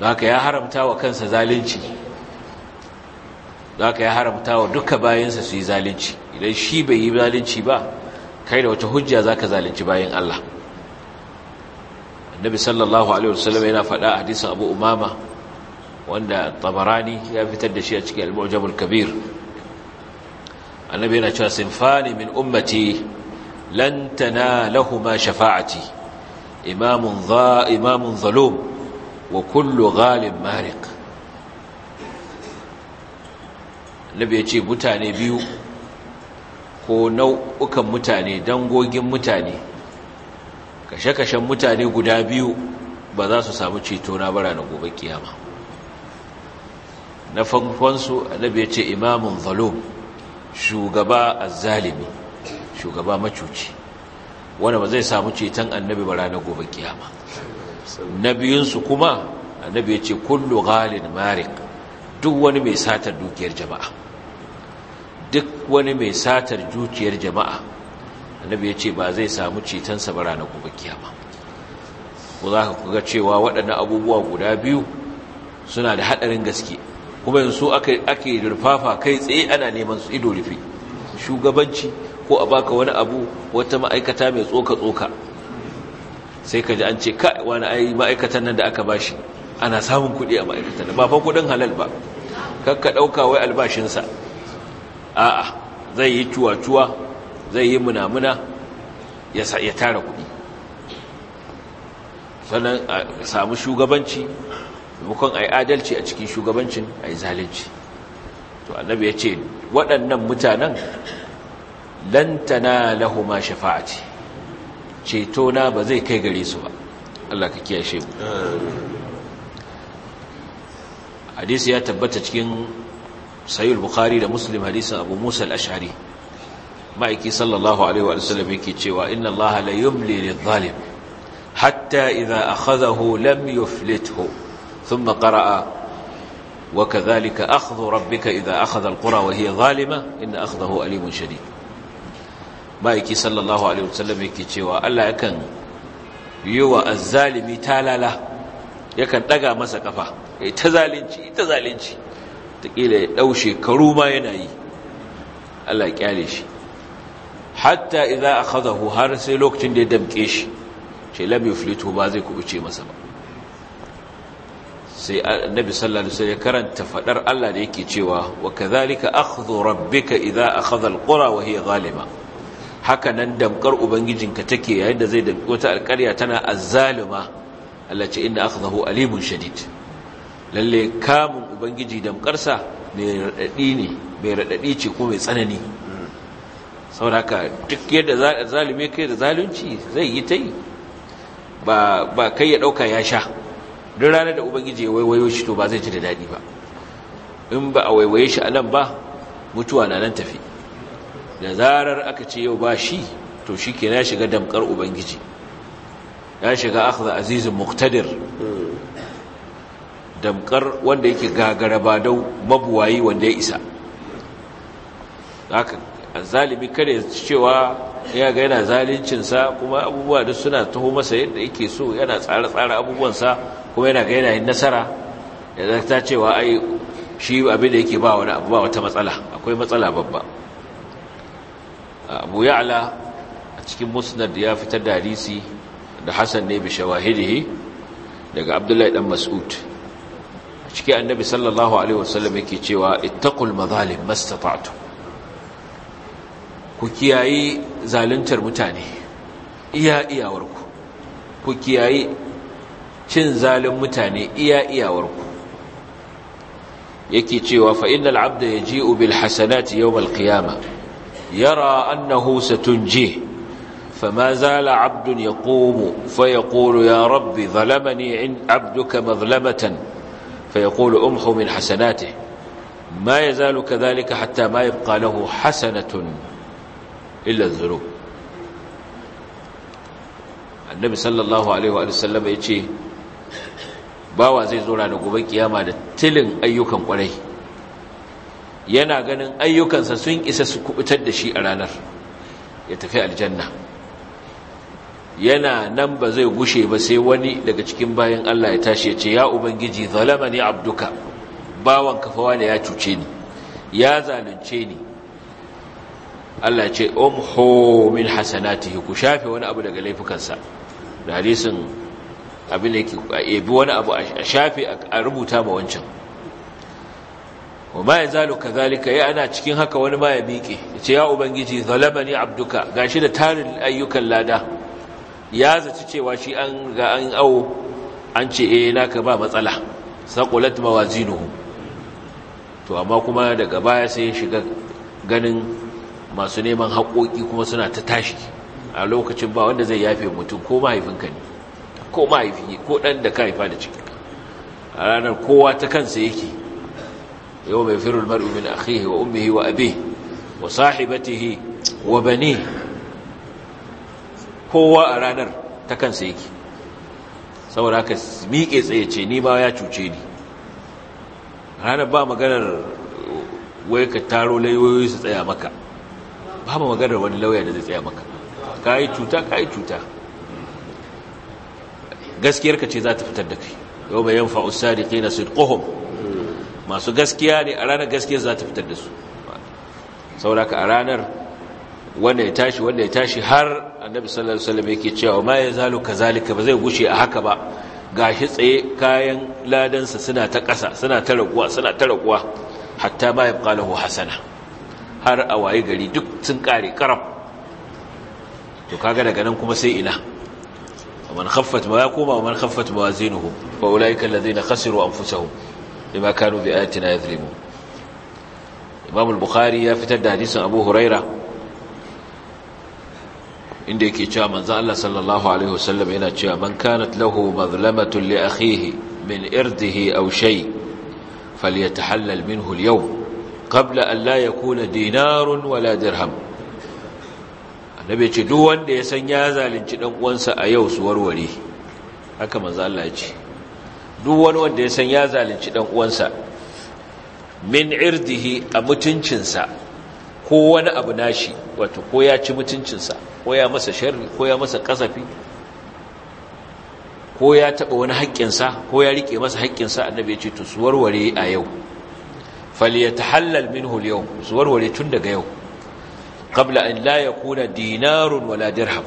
don haka ya haramta wa kansa zalunci don haka ya haramta wa duka bayansa su yi zalunci idan shi bai yi zalunci ba kai da wata hujja za ka zalunci bayan Allah annabi sallallahu alaihi wasallam yana faɗa a hadisin abu umama wanda tabarani ya fitar da shi a cikin al-mu'jamul kabir annabi yana cewa sinfani min ummati lan tanalahuma shafa'ati imamun dha imamun zalum wa kullu ghalib mariq annabi ya ce mutane biyu ko nau'ukan mutane dangogin mutane kashe-kashen mutane guda biyu ba za su samu ceto na bara na gobe kiyama na su annabi ya ce imamun zalum shugaba a zalimi, shugaba macuci wanda ba zai samu ceton annabi ba ranar gobe kiyama biyunsu kuma annabi ya ce kullu ghalin marik duk wani mai satar dukiyar jama'a duk wani mai satar dukiyar jama'a annabi ya ce ba zai samu cetonsa ba ranar gobe kiyama ku za ka kuga cewa waɗannan abubuwa guda biyu suna da haɗarin gaske kuma yanzu ake rufafa kai tsaye ana neman su ido rufe shugabanci ko a baka wani abu wata ma'aikata mai tsoka-tsoka sai ka ji an ce ka wani ma'aikatan nan da aka bashi ana samun kuɗi a ma'aikatan ba fa kuɗin halal ba kakka ɗauka wai albashinsa a'a zai yi cuwa-cuwa zai yi munamuna ya tara kuɗi sannan a samu shugabanci maimakon a adalci a cikin shugabancin ayi zalunci to annabi ya ce waɗannan mutanen lantana lahuma shafa'ati ceto na ba zai kai gare su ba Allah ka kiyashe mu hadisi ya tabbata cikin sahih bukhari da muslim hadisin abu musa al-ash'ari ma'aiki sallallahu alaihi wa sallam yake cewa inna allaha la yumli lidh-dhalim hatta idha akhadhahu lam yuflithu ثم قرأ وكذلك أخذ ربك إذا أخذ القرى وهي ظالمة إن أخذه أليم شديد ma'aiki sallallahu alaihi wasallam yake cewa Allah yakan yi wa azzalimi talala yakan daga masa kafa ita zalunci ita zalunci takila ya dau shekaru ma yana yi Allah ya kyale shi hatta idza akhadahu har sai lokacin da ya damke shi ce lam ba zai kubuce masa ba sai annabi sallallahu alaihi wasallam karanta fadar Allah da yake cewa wa kadhalika akhdhu rabbika idha akhadha alqura wa hiya zalima haka nan damkar ubangijinka take yayin da zai damki wata alƙarya tana azzalima Allah ce inna akhdahu alimun shadid lalle kamun ubangiji damkarsa mai radadi ne mai radadi ce ko mai tsanani saboda haka duk yadda zalime kai da zalunci zai yi tai ba ba kai ya dauka ya sha duk ranar da ubangiji ya waiwayo shi to ba zai ci da daɗi ba in ba a waiwaye shi a nan ba mutuwa na nan tafi da zarar aka ce yau ba shi to shi ke na shiga damkar ubangiji ya shiga akhza azizin muktadir damkar wanda yake gagara ba mabuwayi wanda ya isa azzalimi kada ya cewa ya ga yana zalincinsa kuma abubuwa da suna taho masa yadda yake so yana tsare-tsare abubuwansa kuma yana ga yana nasara ya ta cewa ai shi abin da yake ba wani abu ba wata matsala akwai matsala babba abu ya'la a cikin musnad ya fitar da hadisi da hasan ne bi shawahidihi daga abdullahi dan mas'ud a cikin annabi sallallahu alaihi wasallam yake cewa ittaqul mazalim mastata'tum ku kiyayi zaluntar mutane iya iyawarku ku kiyayi cin zalin mutane iya iyawarku yake cewa fa innal abda yaji'u bil hasanati yawmal qiyamah yara annahu satunjih فما زال عبد يقوم فيقول يا رب ظلمني عبدك مظلمة فيقول أمحو من حسناته ما يزال كذلك حتى ما يبقى له حسنة illa zuru annabi sallallahu alaihi wa sallam ya ce bawa zai zo ranar gobe kiyama da tilin ayyukan kwarai yana ganin ayyukansa sun isa su kubutar da shi a ranar ya tafi aljanna yana nan ba zai gushe ba sai wani daga cikin bayan Allah ya tashi ya ce ya ubangiji ne, abduka bawan kafawa ne ya cuce ni ya zalunce ni Allah ce umho min hasanatihi ku shafe wani abu daga laifukansa da hadisin abin da yake ebi wani abu a shafe a rubuta ma wancan zalo ka كذلك ya Ana cikin haka wani ma ya miƙe Ya ce ya ubangiji zalamani abduka gashi da tarin ayyukan lada ya zaci cewa shi an ga an awo an ce eh naka ba matsala saqulat mawazinuhu to amma kuma daga baya sai ya shiga ganin masu neman haƙoƙi kuma suna ta tashi a lokacin ba wanda zai yafe mutum ko mahaifinka ne ko mahaifi ko ɗan da ka haifa da ciki a ranar kowa ta kansa yake yau mai firul mar'u min akhihi wa ummihi wa abe, wa sahibatihi wa bane kowa a ranar ta kansa yake saboda haka miƙe tsaye ce ni ba ya cuce ni ranar ba maganar wai ka taro laiwoyi su tsaya maka babu maganar wani lauya da zai tsaya maka ka yi cuta ka yi cuta gaskiyarka ce za ta fitar da kai yau bayan fa'usa da ke na sidkohom masu gaskiya ne a ranar gaskiya za ta fitar da su sauraka a ranar wanda ya tashi wanda ya tashi har annabi sallallahu alaihi wasallam yake cewa ma ya zalu kazalika ba zai gushe a haka ba gashi tsaye kayan ladansa suna ta ƙasa suna ta raguwa suna ta raguwa hatta ma yabqa lahu hasana har a waye gari duk sun kare karab to kaga daga nan kuma sai ina man khaffat ma yakuma man khaffat mawazinuhu fa ulaika alladhina khasiru anfusahum bima kanu bi ayatina yadhlimun Imam al-Bukhari ya fitar da hadisin Abu Huraira inda yake cewa manzo Allah sallallahu alaihi wasallam yana cewa man kanat lahu mazlamatun li akhihi min irdihi aw shay falyatahallal minhu al-yawm qabla an la yakuna dinarun wala dirham annabi ce duk wanda ya san ya zalunci dan uwansa a yau su warware haka manzo Allah ya ce duk wani wanda ya san ya zalunci dan uwansa min irdihi a mutuncinsa ko wani abu nashi wato ko ya ci mutuncinsa ko ya masa sharri ko ya masa kasafi ko ya taba wani haƙƙinsa ko ya rike masa haƙƙinsa annabi ya ce to su warware a yau falyatahallal minhu al-yawm su warware tun daga yau qabla an la yakuna dinarun wala dirham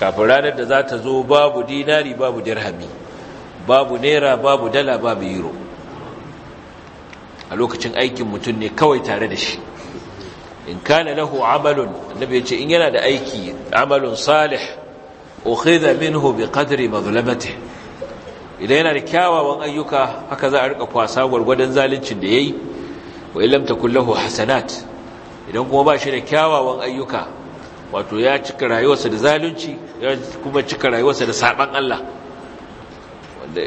kafin ranar da za ta zo babu dinari babu dirhami babu naira babu dala babu euro a lokacin aikin mutum ne kawai tare da shi in kana lahu amalun annabi yace in yana da aiki amalun salih ukhidha minhu biqadri mazlamatihi idan yana da kyawawan ayyuka haka za a rika kwasa gwargwadon zaluncin da yayi wa illam takul lahu hasanat idan kuma ba shi da kyawawan ayyuka wato ya cika rayuwarsa da zalunci ya kuma cika rayuwarsa da saban Allah wanda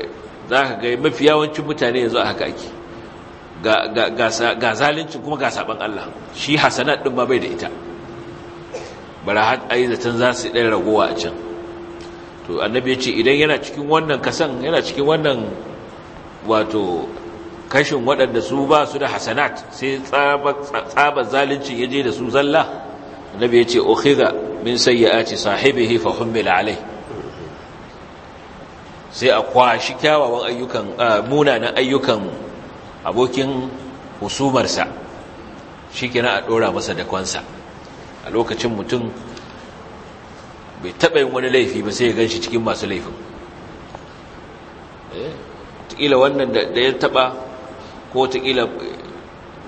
za ka ga mafi yawancin mutane yanzu a haka ake ga zalunci kuma ga saban Allah shi hasanat din ba bai da ita bara har ayi zaton za su ɗan ragowa a can to annabi ya ce idan yana cikin wannan kasan yana cikin wannan wato kashin waɗanda su ba su da hasanat sai tsabar zalunci ya je da su zalla annabi ya ce ukhiza min sayyi'ati sahibihi fa hummila alai sai a kwashi kyawawan ayyukan munanan ayyukan abokin husumarsa shi kina a ɗora masa da kwansa a lokacin mutum bai taɓa yin wani laifi ba sai ya ganshi cikin masu laifin eh, ƙila wannan da ya taɓa ko wataƙila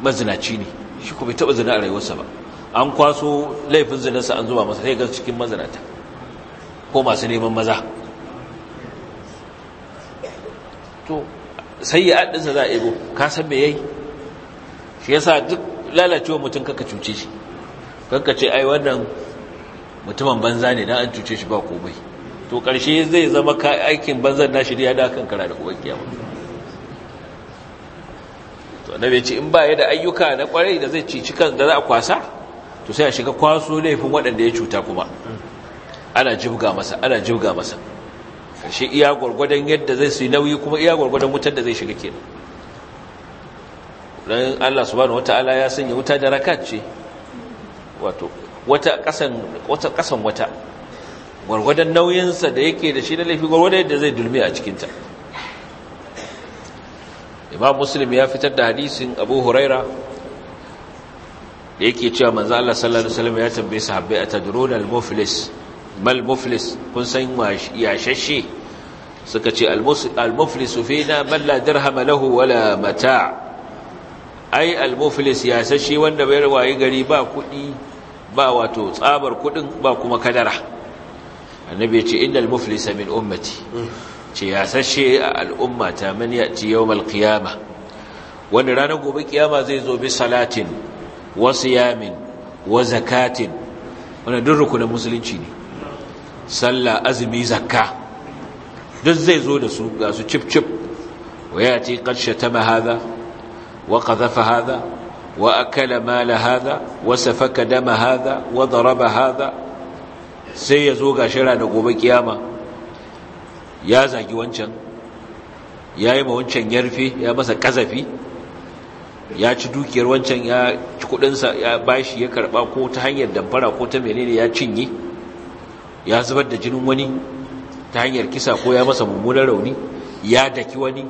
mazinaci ne shi ko bai taɓa zina a rayuwarsa ba an kwaso laifin zinarsa an zuba masa sai ga cikin mazinata ko masu neman maza to sai ya addinsa za a ego ka san me yayi shi yasa duk lalacewa mutum kaka cuce shi kaka ce ai wannan mutumin banza ne dan an cuce shi ba komai to karshe zai zama aikin banzan nashi da ya da kan kara da kuwa kiyama to annabi ya ce in ba ya da ayyuka na kwarai da zai cici kan da za a kwasa to sai a shiga kwaso laifin waɗanda ya cuta kuma ana jibga masa ana jibga masa karshe iya gwargwadon yadda zai su nauyi kuma iya gwargwadon mutar da zai shiga kenan dan Allah subhanahu wataala ya sanya wuta da rakat ce wato wata kasan wata kasan wata gwargwadon nauyinsa da yake da shi da laifi gwargwadon yadda zai dulmi a cikinta imam muslim ya fitar da hadisin abu huraira da yake cewa manzo Allah sallallahu alaihi wasallam ya tambaye sahabbai atadruna al-muflis mal muflis kun san yashashe suka ce al fina man la dirham lahu wala mata' ai al yashashe wanda bai rawayi gari ba kudi ba wato tsabar kudin ba kuma kadara annabi ya ce innal muflisa min ummati mm. ce ya sashe a al'umma ta man ya'ti yawmal wani ranar gobe kiyama zai zo bi salatin wasu yamin, wa zakatin Wani duk rukunin musulunci ne sallah azumi zakka duk zai zo da su ga su cip cip wa ya'ti qad shatama hadha wa qadhafa haza wa akala mala hadha Wasu safaka dama haza wa daraba hadha sai ya zo ga shira da gobe kiyama ya zagi wancan ya yi ma wancan yarfe ya masa kazafi ya ci dukiyar wancan ya ci kudinsa ya bashi ya karba ko ta hanyar damfara ko ta menene ya cinye ya zubar da jinin wani ta hanyar kisa ko ya masa mummunan rauni ya daki wani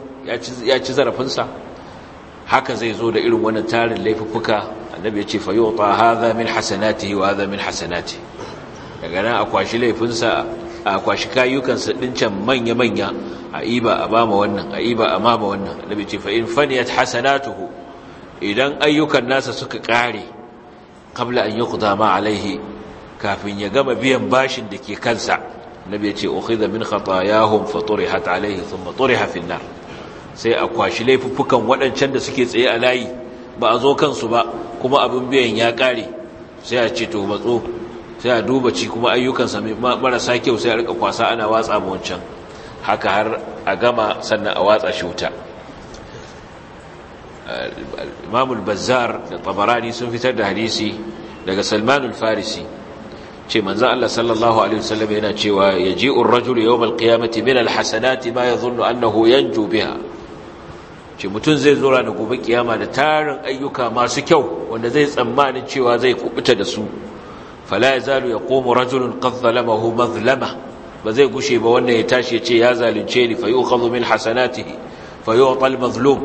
ya ci zarafinsa haka zai zo da irin wani tarin laifuffuka annabi ya ce fa ta haza min hasanatihi wa haza min hasanati daga nan a kwashi laifinsa a kwashi kayukansa can manya-manya a iba a bama wannan a iba a mama wannan annabi ce fa in faniyat hasanatuhu idan ayyukan nasa suka kare kabla an yuqda ma alaihi kafin ya gama biyan bashin da ke kansa annabi ya ce ukhidha min khatayahum faturihat alaihi thumma turiha fi nar sai a kwashi laifuffukan waɗancan da suke tsaye a layi ba a zo kansu ba kuma abin biyan ya kare sai a ce to matso sai a duba ci kuma ayyukansa marasa kyau sai a rika kwasa ana watsa mu wancan haka har a gama sannan a watsa shi wuta imamul bazzar da tabarani sun fitar da hadisi daga salmanul farisi ce manzan Allah sallallahu Alaihi wasallam yana cewa ya ji urrajul yau malkiyamati min alhassanati ma ya zunnu annahu yan biha ce mutum zai zura da gobe kiyama da tarin ayyuka masu kyau wanda zai tsammanin cewa zai kubuta da su fala yazalu yaqumu rajulun qad zalamahu mazlama ba zai gushe ba wannan ya tashi ya ce ya zalunce ni fa min hasanatihi fa al-mazlum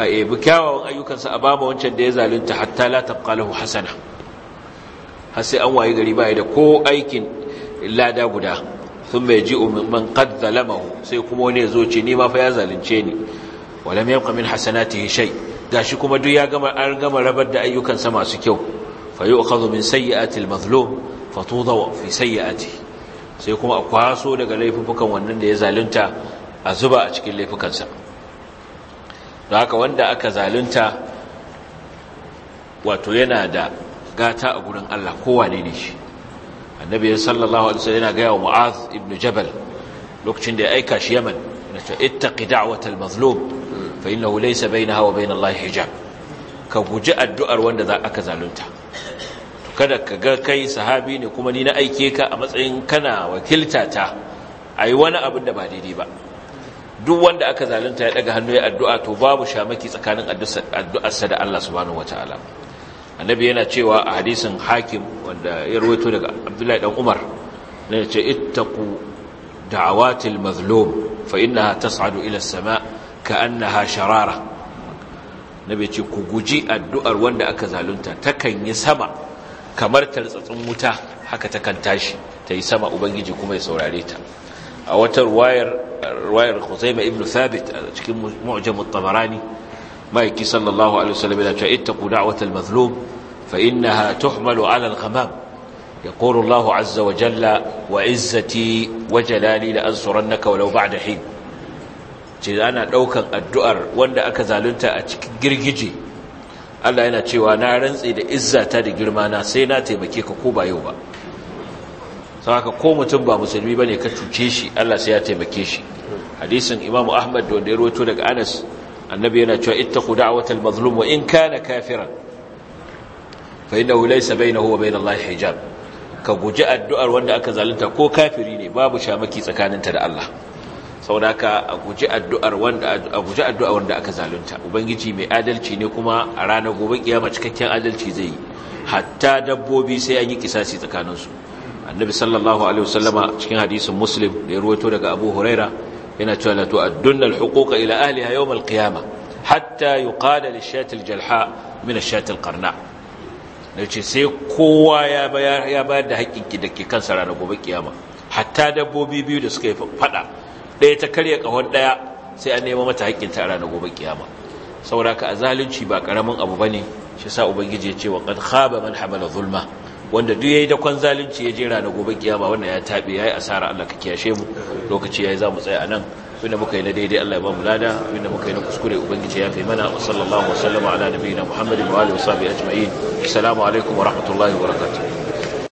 a ebi eh, kyawawan ayyukansa a bama wancan da ya zalunta hatta la tabqa lahu hasana har sai an waye gari baya da ko aikin lada guda thumma yaji'u man qad zalamahu sai kuma wani ya zo ce ni ma fa ya zalunce ni walam yabqa min hasanatihi shay gashi kuma duk ya gama an gama rabar da ayyukansa masu kyau fayu'khadhu min sayyi'ati al-mazlum fatudwa fi sai kuma a kwaso daga laifukan wannan da ya zalunta a zuba a cikin laifukansa Da haka wanda aka zalunta wato yana da gata a gurin Allah kowa ne ne shi annabi sallallahu alaihi yana gaya wa mu'az ibn jabal lokacin da ya aika shi yaman nace ittaqi da'wat al-mazlum fa bai na hawa bai na Allah hijab ka guji addu'ar wanda za aka zalunta kada ka ga kai sahabi ne kuma ni na aike ka a matsayin kana wakilta ta ayi wani abin da ba daidai ba duk wanda aka zalunta ya daga hannu ya addu'a to babu shamaki tsakanin addu'arsa da Allah subhanahu wataala annabi yana cewa a hadisin hakim wanda ya rawaito daga abdullahi dan umar ne ya ittaqu da'awatil mazlum fa innaha tas'adu ila as-sama' ka'annaha sharara nabi ce ku guji addu'ar wanda aka zalunta takan yi sama kamar tartsatsin wuta haka takan tashi ta yi sama ubangiji kuma ya saurare ta a wata ruwayar ruwayar Khuzaimah ibn Thabit a cikin Mu'jam at-Tabarani Ma'aiki sallallahu alaihi wasallam yana cewa ittaqu da'wat al-mazlum fa innaha tuhmalu 'ala al-ghamam yaqulu Allah azza wa jalla wa izzati wa jalali la ansurannaka walau ba'da hin ce ana daukan addu'ar wanda aka zalunta a cikin girgije Allah yana cewa na rantse da izzata da girma na sai na taimake ka ko ba yau ba Saka ko mutum ba musulmi ba ne ka cuce shi Allah sai ya taimake shi hadisin Imam ahmad da wanda ya rawaito daga anas annabi yana cewa ittaqu da'watal mazlum wa in kana kafiran fa innahu laysa bainahu wa bain Allah hijab ka guji addu'ar wanda aka zalunta ko kafiri ne babu shamaki tsakaninta da Allah sauraka a guji addu'ar wanda aka zalunta ubangiji mai adalci ne kuma a ranar gobe kiyama cikakken adalci zai yi hatta dabbobi sai an yi kisasi tsakaninsu annabi sallallahu alaihi wasallama cikin hadisin muslim da ya ruwaito daga abu huraira yana cewa la tu'addunna al-huquqa ila ahliha yawm al-qiyamah hatta yuqala lish al-jalha min ash-shati al-qarna sai kowa ya bayar ya bayar da hakkin ki ke kansa ranar gobe kiyama hatta dabbobi biyu da suka yi fada ɗaya ta karya ƙahon ɗaya sai an nema mata haƙƙinta a ranar gobe kiyama saboda ka a zalunci ba ƙaramin abu ba ne shi sa ubangiji ya ce wa qad khaba man hamala zulma wanda duk yayi dakon zalunci ya je ranar gobe kiyama wanda ya tabe yayi asara Allah ka kiyashe mu lokaci yayi mu tsaya anan inda muka yi na daidai Allah ya ba mu lada inda muka yi na kuskure ubangiji ya kai mana wa sallallahu wa sallama ala nabiyina muhammadin wa alihi wa sahbihi ajma'in assalamu alaikum wa rahmatullahi wa barakatuh